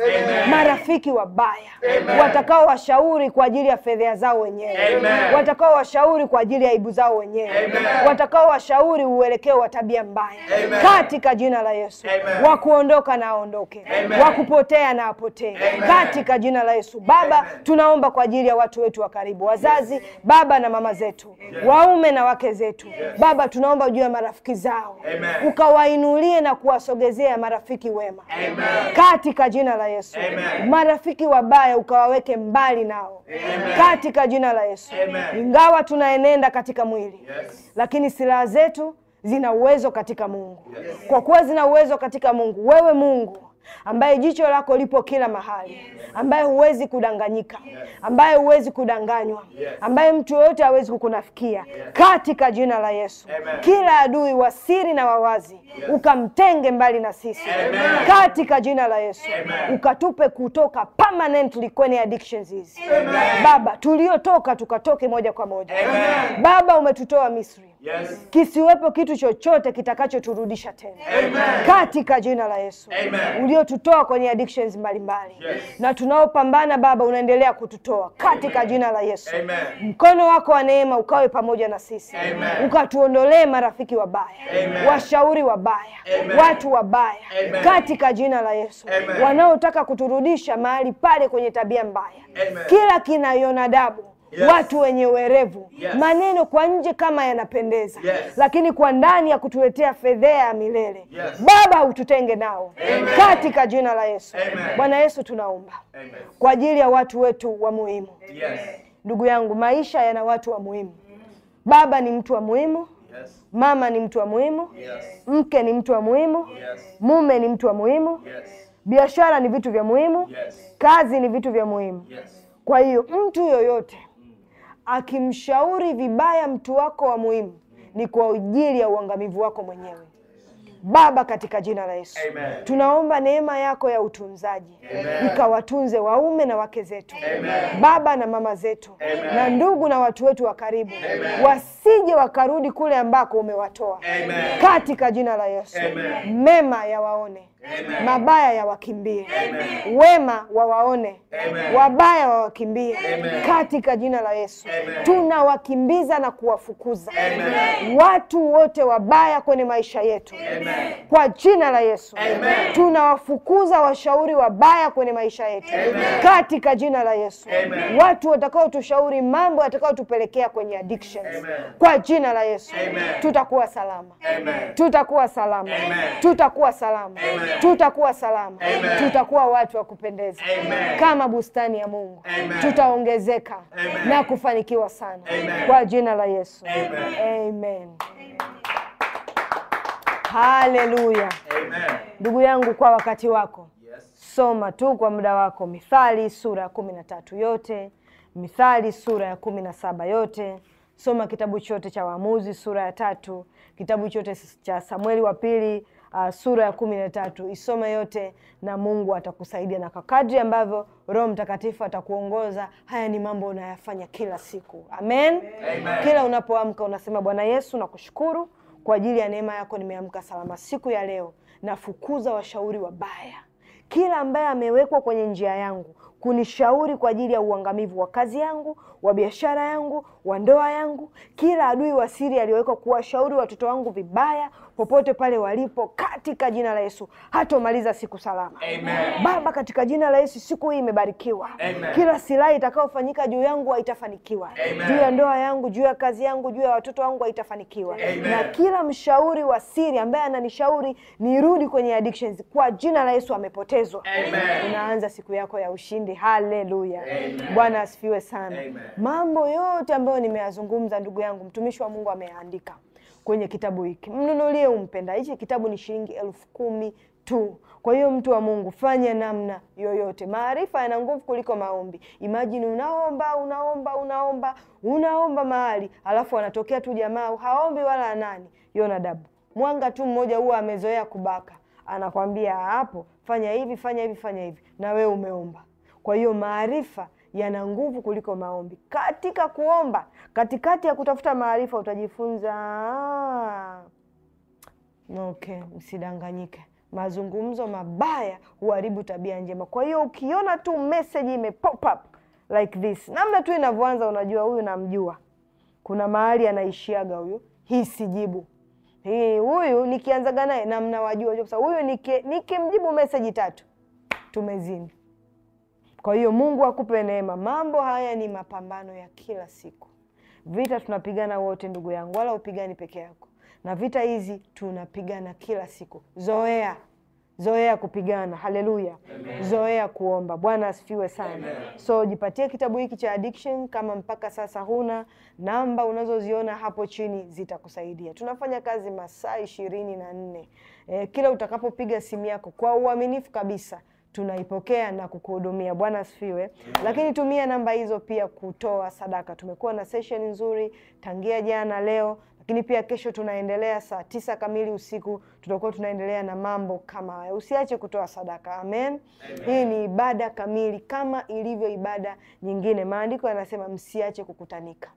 marafiki wabaya watakao washauri kwa ajili ya fedhea zao wenyewe, watakao washauri kwa ajili ya aibu zao wenyewe, watakao washauri uelekeo wa tabia mbaya, katika jina la Yesu wakuondoka na aondoke, wakupotea na apotee, katika jina la Yesu Baba Amen. tunaomba kwa ajili ya watu wetu wa karibu, wazazi yes. baba na mama zetu yes. waume na wake zetu yes. Baba tunaomba juu ya marafiki zao ukawain Tuinulie na kuwasogezea marafiki wema Amen. Katika jina la Yesu Amen. Marafiki wabaya ukawaweke mbali nao Amen. Katika jina la Yesu Amen. Ingawa tunaenenda katika mwili yes. Lakini silaha zetu zina uwezo katika Mungu yes. Kwa kuwa zina uwezo katika Mungu, wewe Mungu ambaye jicho lako lipo kila mahali, ambaye huwezi kudanganyika, ambaye huwezi kudanganywa, ambaye mtu yoyote hawezi kukunafikia, katika jina la Yesu. Kila adui wa siri na wawazi ukamtenge mbali na sisi, katika jina la Yesu. Ukatupe kutoka permanently kwenye addictions hizi Baba, tuliotoka tukatoke moja kwa moja Baba. Umetutoa Misri Yes. Kisiwepo kitu chochote kitakachoturudisha tena. Amen. Katika jina la Yesu. Amen. Uliotutoa kwenye addictions mbalimbali. Yes. Na tunaopambana Baba unaendelea kututoa katika Amen. jina la Yesu. Amen. Mkono wako wa neema ukawe pamoja na sisi. Ukatuondolee marafiki wabaya. Amen. Washauri wabaya. Amen. Watu wabaya. Amen. Katika jina la Yesu. Wanaotaka kuturudisha mahali pale kwenye tabia mbaya. Amen. Kila kinayonadabu yes. watu wenye werevu yes. maneno kwa nje kama yanapendeza yes. lakini kwa ndani ya kutuletea fedhea ya milele yes. Baba ututenge nao Amen. katika jina la Yesu Amen. Bwana Yesu tunaomba Amen. kwa ajili ya watu wetu wa muhimu yes. ndugu yangu, maisha yana watu wa muhimu. Baba ni mtu wa muhimu Yes. Mama ni mtu wa muhimu yes. Mke ni mtu wa muhimu yes. Mume ni mtu wa muhimu yes. Biashara ni vitu vya muhimu yes. Kazi ni vitu vya muhimu yes. Kwa hiyo mtu yoyote akimshauri vibaya mtu wako wa muhimu ni kwa ajili ya uangamivu wako mwenyewe. Baba, katika jina la Yesu, Amen. Tunaomba neema yako ya utunzaji ikawatunze waume na wake zetu, Amen. Baba na mama zetu, Amen. Na ndugu na watu wetu wa karibu, Wasije wakarudi kule ambako umewatoa, Amen. Katika jina la Yesu, Amen. Mema yawaone Amen. Mabaya yawakimbie, wema wawaone, Amen. Wabaya wawakimbie katika jina la Yesu. Tunawakimbiza na kuwafukuza Amen. Watu wote wabaya kwenye maisha yetu Amen. Kwa jina la Yesu tunawafukuza washauri wabaya kwenye maisha yetu Amen. Katika jina la Yesu Amen. Watu watakaotushauri mambo yatakaotupelekea kwenye addictions Amen. Kwa jina la Yesu Amen. Tutakuwa salama Amen. Tutakuwa salama Amen. Tutakuwa salama Amen tutakuwa salama Amen. Tutakuwa watu wa kupendeza Amen. Kama bustani ya Mungu tutaongezeka na kufanikiwa sana Amen. Kwa jina la Yesu Amen, Amen. Haleluya, ndugu yangu, kwa wakati wako yes. Soma tu kwa muda wako Mithali sura ya kumi na tatu yote, Mithali sura ya kumi na saba yote, soma kitabu chote cha Waamuzi sura ya tatu, kitabu chote cha Samueli wa pili uh, sura ya kumi na tatu. Isome yote na Mungu atakusaidia, na kwa kadri ambavyo Roho Mtakatifu atakuongoza, haya ni mambo unayafanya kila siku. Amen, amen. Kila unapoamka unasema, Bwana Yesu, nakushukuru kwa ajili ya neema yako, nimeamka salama siku ya leo. Nafukuza washauri wabaya, kila ambaye amewekwa kwenye njia yangu kunishauri kwa ajili ya uangamivu wa kazi yangu, wa biashara yangu, wa ndoa yangu, kila adui wa siri aliyowekwa kuwashauri watoto wangu vibaya, popote pale walipo katika jina la Yesu, hatomaliza siku salama. Amen. Baba, katika jina la Yesu, siku hii imebarikiwa. Amen. Kila silaha itakayofanyika juu yangu haitafanikiwa, juu ya ndoa yangu, juu ya kazi yangu, juu ya watoto wangu haitafanikiwa, na kila mshauri wa siri ambaye ananishauri nirudi kwenye addictions, kwa jina la Yesu amepotezwa. Unaanza siku yako ya ushindi. Haleluya, Bwana asifiwe sana. Amen. Mambo yote ambayo nimeyazungumza, ndugu yangu mtumishi wa Mungu ameandika kwenye kitabu hiki, mnunulie umpenda. Hichi kitabu ni shilingi elfu kumi tu. Kwa hiyo mtu wa Mungu, fanya namna yoyote. Maarifa yana nguvu kuliko maombi. Imajini unaomba unaomba unaomba unaomba mahali, alafu anatokea tu jamaa haombi wala anani, Yonadabu mwanga tu mmoja, huwa amezoea kubaka, anakwambia hapo, fanya hivi fanya hivi fanya hivi, na wewe umeomba. Kwa hiyo maarifa yana nguvu kuliko maombi. Katika kuomba, katikati ya kutafuta maarifa, utajifunza okay. Msidanganyike, mazungumzo mabaya huharibu tabia njema. Kwa hiyo ukiona tu message ime pop up like this, namna tu inavyoanza, unajua huyu namjua, kuna mahali anaishiaga huyu, hii sijibu hii, huyu nikianzaga naye namnawajua, kwa sababu huyu nikimjibu message tatu tumezini kwa hiyo Mungu akupe neema. Mambo haya ni mapambano ya kila siku, vita tunapigana wote, ndugu yangu, wala upigani peke yako, na vita hizi tunapigana kila siku. Zoea, zoea kupigana. Haleluya, zoea kuomba. Bwana asifiwe sana. Amen. So jipatie kitabu hiki cha addiction, kama mpaka sasa huna namba unazoziona hapo chini zitakusaidia. Tunafanya kazi masaa ishirini na nne. Eh, kila utakapopiga simu yako kwa uaminifu kabisa tunaipokea na kukuhudumia. Bwana asifiwe. Lakini tumia namba hizo pia kutoa sadaka. Tumekuwa na session nzuri tangia jana, leo lakini pia kesho tunaendelea saa tisa kamili usiku, tutakuwa tunaendelea na mambo kama haya. Usiache kutoa sadaka. Amen, amen. Hii ni ibada kamili kama ilivyo ibada nyingine. Maandiko yanasema msiache kukutanika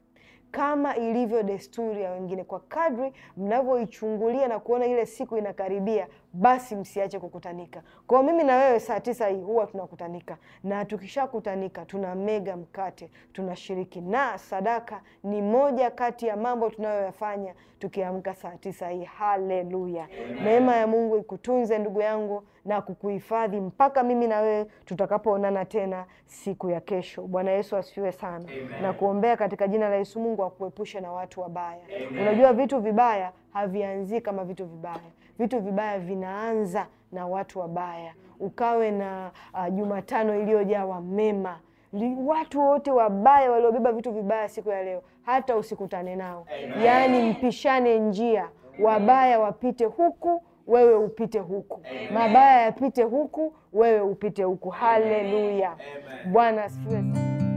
kama ilivyo desturi ya wengine, kwa kadri mnavyoichungulia na kuona ile siku inakaribia basi msiache kukutanika. Kwa mimi na wewe, saa tisa hii huwa tunakutanika, na tukishakutanika tuna mega mkate, tunashiriki na sadaka. Ni moja kati ya mambo tunayoyafanya tukiamka saa tisa hii. Haleluya! Neema ya Mungu ikutunze ndugu yangu na kukuhifadhi mpaka mimi na wewe tutakapoonana tena siku ya kesho. Bwana Yesu asifiwe sana. Amen. Na kuombea katika jina la Yesu, Mungu akuepushe na watu wabaya. Amen. Unajua vitu vibaya havianzii kama vitu vibaya vitu vibaya vinaanza na watu wabaya. Ukawe na uh, Jumatano iliyojawa mema. Watu wote wabaya waliobeba vitu vibaya siku ya leo, hata usikutane nao. Amen. Yaani mpishane njia, wabaya wapite huku wewe upite huku. Amen. Mabaya yapite huku, wewe upite huku. Haleluya! Bwana asifiwe.